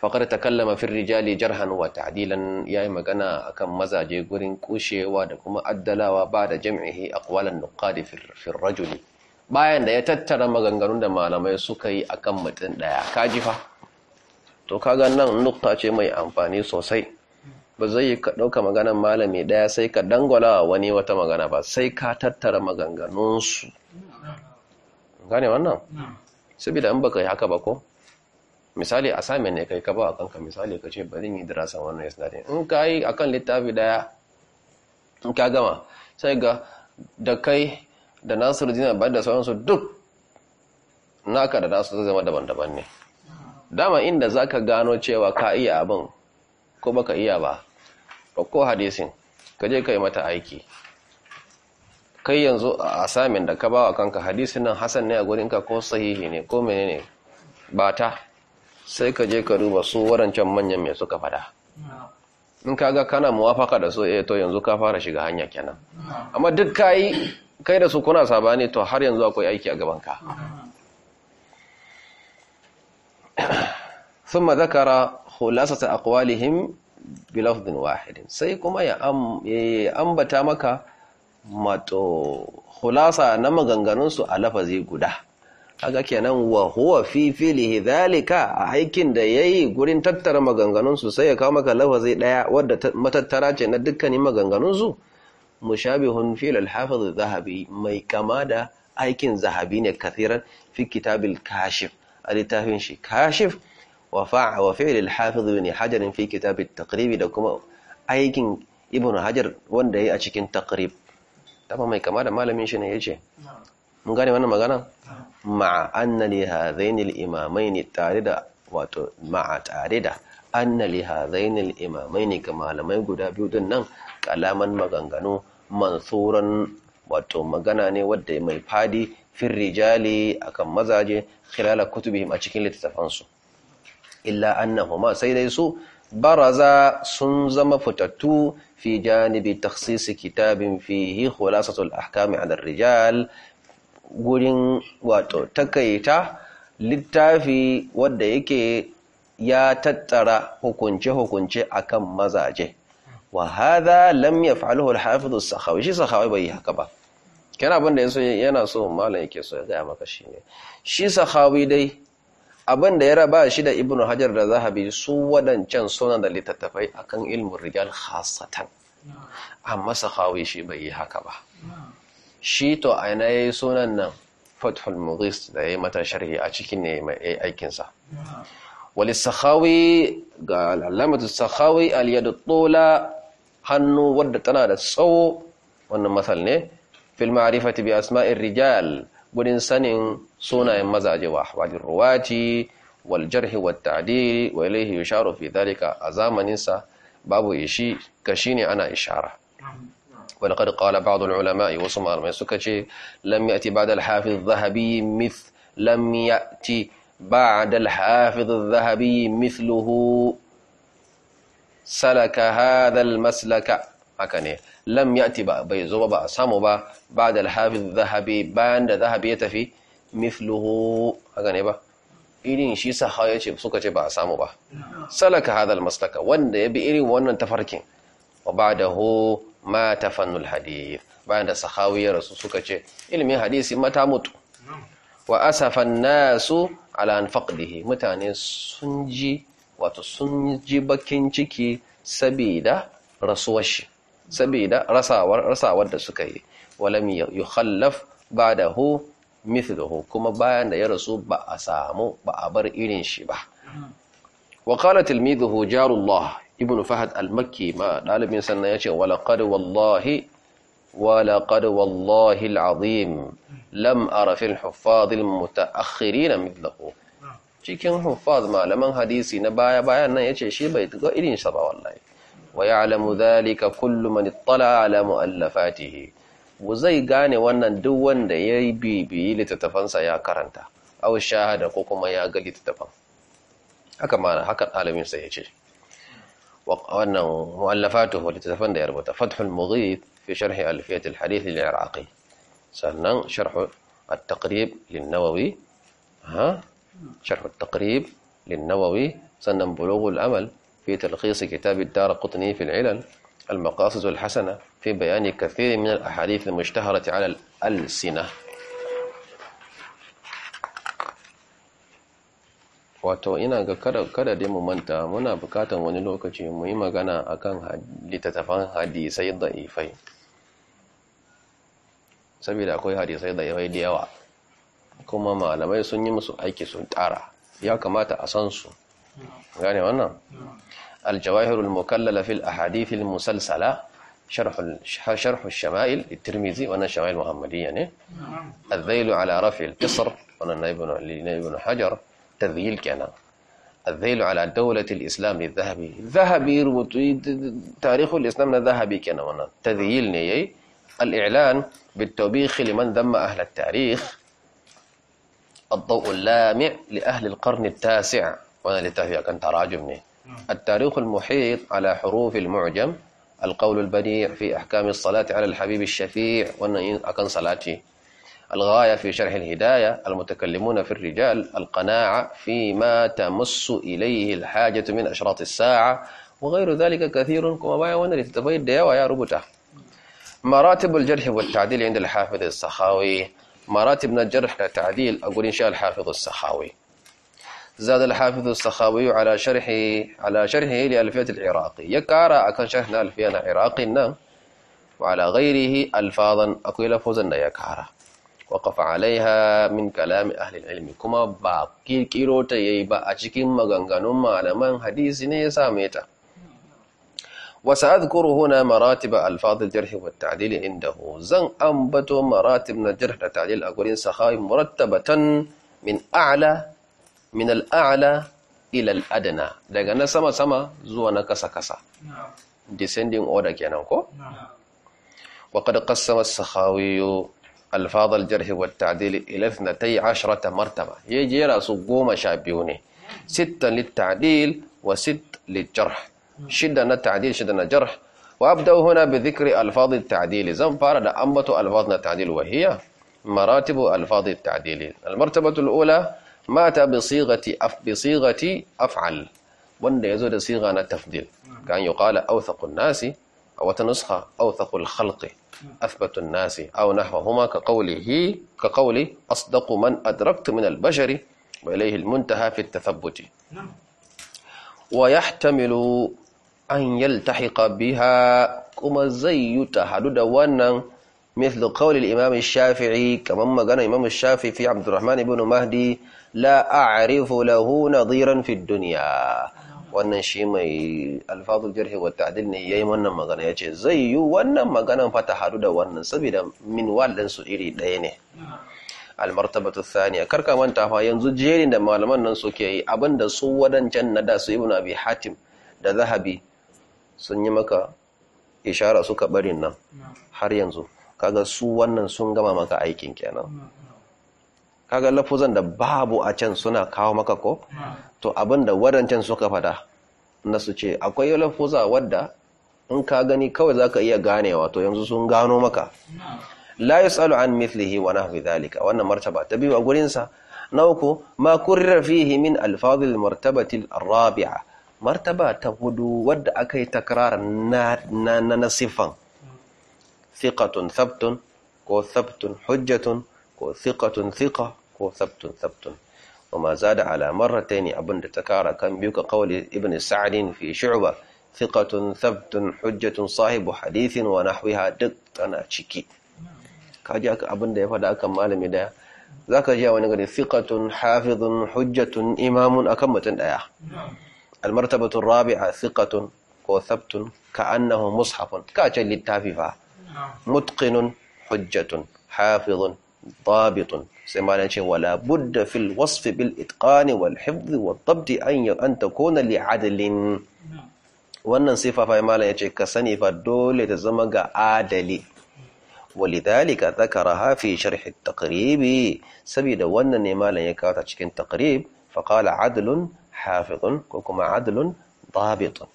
faƙar ta kallama fin rijali jarhan wa ta'dilan ya yi magana akan mazaje gurin kushewa da kuma addalawa ba da jam'ihi aqwalan nuqadi fi rajuli bayan da ya tattara maganganun da malamai suka yi akan mutum daya kaji fa to kaga nan nukta ce mai amfani sosai ba zai ka ɗauka maganar malami daya sai ka dangwala wani wata magana ba sai ka tattara maganganunsu gane wannan sabida in baka yi haka ba ko misali assignment ne kai ka ba kanka misali ka ce bari yi dirasan wannan yasnatin in ka yi akan littafi daya in ka gama sai ga da kai da nasiru jina ba da sauransu duk naka da nasu zama daban-daban ne dama inda za ka gano cewa ka iya abin ko baka iya ba ko hadisin ka je ka mata aiki kai yanzu a asamin da ka bawa kanka hadisin nan hasan ne a gurinka ko sahihi ne ko menene ba ta sai ka je ka duba su warancan manyan mai suka fada in ka ga kana muwafaka da su eh, to yanzu ka fara shiga hanya kenan amma duk ka yi kai da su kuna sabani to har yanzu akwai aiki a gaban ka zakara hulasa ta akwalihim bilafdin wahidin sai kuma ya ambata maka mato hulasa na maganganunsu a lafazi guda Aga kenan wa huwa fi filihi a aikin da yayi gurin tattara maganganun su sai ya kawo maka lafazi daya wanda matattara ce na dukkanin maganganun su mushabihun fil al-hafiz zahabi mai kama da aikin zahabi ne kathiran fi kitabil kashif a littafin shi kashif wa fa'a wa fi'l al-hafiz ibn hajar fi kitabit taqrib da kuma aikin ibn hajar wanda yayi a cikin taqrib tama mai kama da malamin shi ne yace mun gane wannan magana ma'a anna li hadaini al-imamaini tare da wato ma'a tare da anna li hadaini al-imamaini ga malamai guda biyu din nan kalaman maganganu mansuran wato magana ne wadda mai fadi fin rijali akan mazaje khilala kutubihim a cikin littattafansu illa annahuma sai dai su baraza sun zama fitattu fi janibi takhsis kitabin fihi khulasatul ahkami ala rijal gurin wato takaita littafi wadda yake ya tattara hukunce-hukunce akan mazaje wa haza lam yaf'alhu al-hafiz da sahawai shi sahawai bai yi haka ba yana so malam yake so ya gaya maka shi ne. shi sahawai dai abinda ya raba shi da Ibn hajar da zahabi su wadancan suna da littattafai akan ilmin rigar hasatan. amma sahawai shi bai yi haka ba shi to a yana ya yi sunan nan fathul mughis da ya yi mata sharhi a cikin ne mai aikinsa wali sakhawi ga alamatu sakhawi aliyadu tola hannu wadda tana da tsawo wannan matsal ne fil ma'rifati bi asma'ir rijal gudun sanin sunayen mazaje wa ahwalir ruwati wal jarhi wat wa fi a zamanin sa babu ishi ga ne ana ishara ولقد قال بعض العلماء وسمع ما سكتي لم يأتي بعد الحافظ الذهبي لم يأتي بعد الحافظ الذهبي مثله سلك هذا المسلك لم يأتي zo ba samu ba ba'da al-hafiz da zahabi ya tafi irin shi suka ce ba a samu ba salaka hadal wanda ya bi irin wannan tafarkin wa ma tafannul hadith bayan da sahawi ya rasu suka ce ilimin hadisi mata mutu wa asafan nasu ala an mutane sun ji wato sun ji bakin ciki saboda rasuwar shi saboda rasawar rasawar da suka yi walam yukhallaf ba'dahu mithluhu kuma bayan da ya rasu ba a samu ba a bar irin shi ba wa qala tilmidhuhu jarullah ibn fahad al-makki ma dalibin sannan yace walaqad wallahi ولقد والله العظيم لم أرى في الحفاظ المتأخرين مثله cikin huffaz malaman hadisi na baya bayan nan yace shi bai ga irin sa ba wallahi wa ya'lamu dhalika kullu man ittala ala muallafatihi zai gane wannan duk wanda yayi bibiyi littattafansa ya karanta aw shahada ko kuma ya ga littattafan haka ma haka alamin ya yace وأنه مؤلفاته لتتفن يربطها فتح المغيث في شرح ألفية الحديث للعراقي سنن شرح التقريب للنووي ها شرح التقريب للنووي سنن بلوغ الأمل في تلخيص كتاب الدار قطني في العلل المقاصد الحسنة في بيان كثير من الأحاديث المشتهرة على الألسنة wato ina ga kada dai mu manta muna bukatan wani lokaci mu yi magana akan littattafan hadisai da ifai saboda akwai hadisai da ifai da yawa kuma malamai sun yi musu aiki sun tara ya kamata a san su gane wannan aljawahirul mukallala fil ahadithil musalsala شرح الشمائل للترمذي وانا شمائل محمديه ne الذيل على رفع القصر وانا ابن ابن حجر تذييل كان الذيل على دولة الإسلام الذهبي ذهبي تاريخ الإسلام ذهبي كان ونا تذييل نيي الإعلان بالتوبيخ لمن ذم أهل التاريخ الضوء اللامع لأهل القرن التاسع وأنا لتهيأ كان تراجمني نعم. التاريخ المحيط على حروف المعجم القول البديع في أحكام الصلاة على الحبيب الشفيع وأنا أكن صلاتي الغاية في شرح الهداية المتكلمون في الرجال القناعة فيما تمس إليه الحاجة من أشراط الساعة وغير ذلك كثير كما بايا وانا ديوة يا ربطة مراتب الجرح والتعديل عند الحافظ السخاوي مراتب الجرح والتعديل أقول إن شاء الحافظ السخاوي زاد الحافظ السخاوي على شرحه على شرحه لألفية العراقي يكارا أكن شرحنا ألفية عراقي وعلى غيره ألفاظا أقول لفظا يكارا Waƙafa alaiha min kalami ahlil ilmi kuma ba kirkiro ta yayi ba a cikin maganganun malaman hadisi ne ya same ta wa azkuru huna maratib alfaz jirhi wa ta'dil indahu zan ambato maratib na jarh da ta'dil a gurin sahabi murattabatan min a'la min al'a'la ila al'adna daga na sama sama zuwa na kasa kasa descending order kenan ko وقد قسم السخاوي ألفاظ الجرح والتعديل إلى اثنتي عشرة مرتبة يجي رأس قوم شابيوني ستة للتعديل وست للجرح شدنا التعديل شدنا جرح وأبدأ هنا بذكر ألفاظ التعديل فارد أمت ألفاظنا التعديل وهي مراتب ألفاظ التعديل المرتبة الأولى مات بصيغة أف بصيغة أفعل وأن يزود صيغة تفضيل كان يقال أوثق الناس نسخه أوثق الخلق أثبت الناس أو نحوهما كقوله كقول أصدق من أدركت من البشر وإليه المنتهى في التثبت نعم. ويحتمل أن يلتحق بها كما زي يتحدد وانا مثل قول الإمام الشافعي كما قال الإمام الشافعي في عبد الرحمن بن مهدي لا أعرف له نظيرا في الدنيا wannan shi mai alfazul jirhi wa ta'dil ne yayi wannan magana yace zai yi wannan maganan fa ta haɗu da wannan saboda min din su iri ɗaya ne al martabatu thaniya karka manta fa yanzu jerin da malaman nan suke yi abinda su wadancan na da su ibnu abi hatim da zahabi sun yi maka ishara suka barin nan har yanzu kaga su wannan sun gama maka aikin kenan kaga lafuzan da babu a can suna kawo maka ko to abinda wadancan suka fada na su ce akwai lafuza wadda in ka gani kawai zaka iya ganewa to yanzu sun gano maka la yusalu an mithlihi wa nahwi dhalika wannan martaba ta biyu a gurin sa na uku ma kurra fihi min alfadhil martabati arabi'a martaba ta hudu wadda aka yi takarara na na na sifan thiqatun thabtun ko thabtun hujjatun ko thiqatun thiqa ko sabtun sabtun wa ma zada ala marrataini abinda ta kara kan biyu ka qawli ibn sa'din fi shu'ba thiqatun sabtun hujjatun sahibu hadithin wa nahwiha duk tana ciki kaji aka abinda ya faɗa akan malami daya zaka ji wani gari thiqatun hafizun hujjatun imamun akan mutum daya almartabatu rabi'a thiqatun ko thabtun ka'annahu mushafun ka ce littafi fa mutqinun hujjatun hafizun ضابط sai ma ce wala budda fil wasfi bil itqani wal hifz wal dabti an an kona li adlin wannan sifa fa malam yace ka sani fa dole ta zama ga adali walidhalika dhakaraha fi sharh at taqrib sabida wannan ne malam ya kawo ta cikin taqrib fa qala adlun hafizun ko kuma adlun dabitun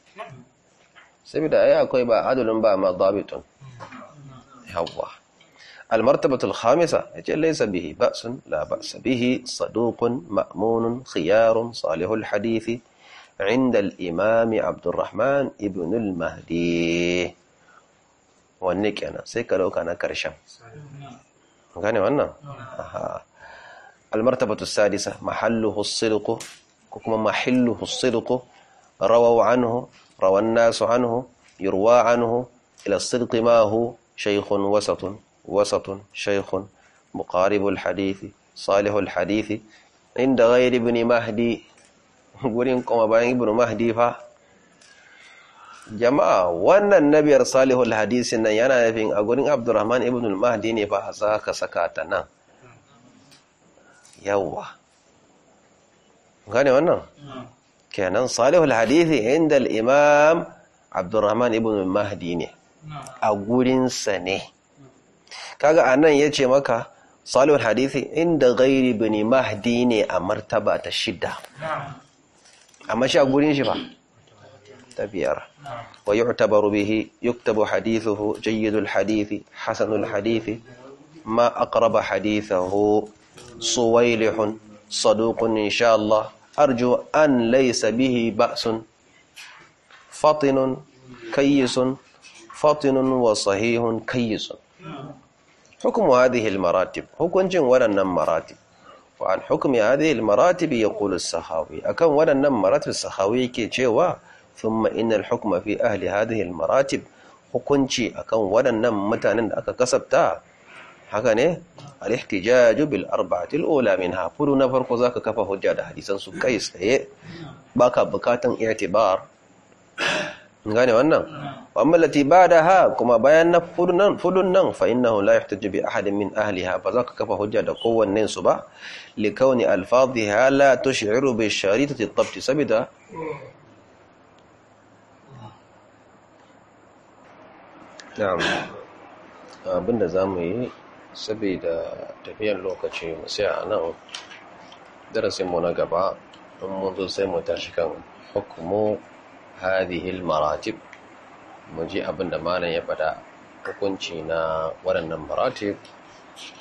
Sabida ai akwai ba adlun ba ma dabitun yawwa المرتبة الخامسة أجل ليس به بأس لا بأس به صدوق مأمون خيار صالح الحديث عند الإمام عبد الرحمن ابن المهدي وانك أنا سيك لو كان كرشا كان وانا المرتبة السادسة محله الصدق كما محله الصدق رووا عنه روى الناس عنه يروى عنه إلى الصدق ما هو شيخ وسط وسط شيخ مقارب الحديث صالح الحديث عند غير ابن مهدي gurin kuma bayan ibn mahdi fa jama'a wannan nabiyar salihul hadisin nan yana nufin a gurin abdurrahman ibn mahdi ne ba za ka saka ta nan yawwa gane wannan kenan salihul hadisi inda al-imam abdurrahman ibn mahdi ne a gurinsa ne kaga anan yace maka salihul hadithi inda gairi bin mahdi ne a martaba ta shida amma shi a gurin shi ba ta biyar wa yu'tabaru bihi yuktabu hadithuhu jayyidul hadithi hasanul hadithi ma aqraba hadithahu suwailihun saduqun insha Allah arju an laysa bihi ba'sun fatinun kayyisun fatinun wa sahihun kayyisun حكم هذه المراتب حكم ورنن مراتب وعن حكم هذه المراتب يقول السخاوي أكم ورنن مراتب السخاوي كي تشيوا ثم إن الحكم في أهل هذه المراتب hukunci akan waɗannan mutanen da aka kasabta haka ne a ihtijaju bil Arba'a, Til, Olamin, fudu na farko zaka kafa hujja da hadisan su kai tsaye baka bukatan i'tibar gane wannan ba lati ha kuma bayan na fudun nan fa innahu ta jibi a ahadin min ha ba za ka kafa hujja da kowannen su ba li kauni ha la tush'iru bi sharitati at ta sabida abinda abinda mu yi saboda tafiyar lokaci mu a nan darasin mu na gaba don mun zo sai mu tashi kan hukumu hadhihi al-maratib mu ji abin malam ya faɗa hukunci na waɗannan maratib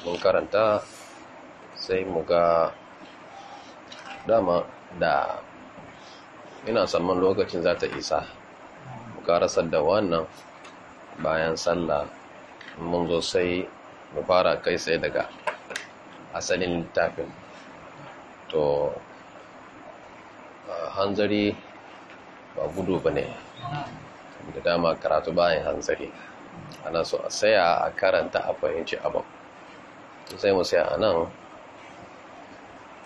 mun karanta sai mu ga dama da ina saman lokacin za ta isa mu karasar da wannan bayan sallah mun zo sai mu fara kai sai daga asalin littafin to hanzari ba gudu ba ne da dama karatu bayan hanzari ana so a saya a karanta a fahimci abin sai mu saya a nan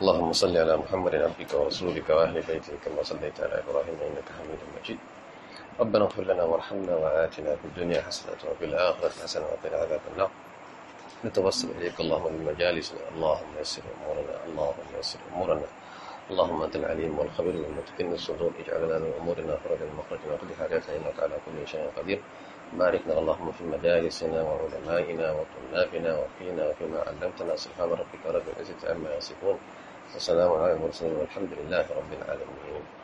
allahu musalli ala muhammadin abdika wa su rika wa haifai ta kama sallai ta rai ibrahim na ka hamu da maji ربنا اغفر لنا وارحمنا وآتنا في الدنيا حسنة وفي الآخرة حسنة اللهم أنت العليم والخبير لما الصدور اجعل لنا من أمورنا فرجا ومخرجا وقد حاجاتنا إنك على كل شيء قدير باركنا اللهم في مدارسنا وعلمائنا وطلابنا وفينا وفيما علمتنا سبحان ربك رب العزة عما يصفون وسلام على المرسلين والحمد لله رب العالمين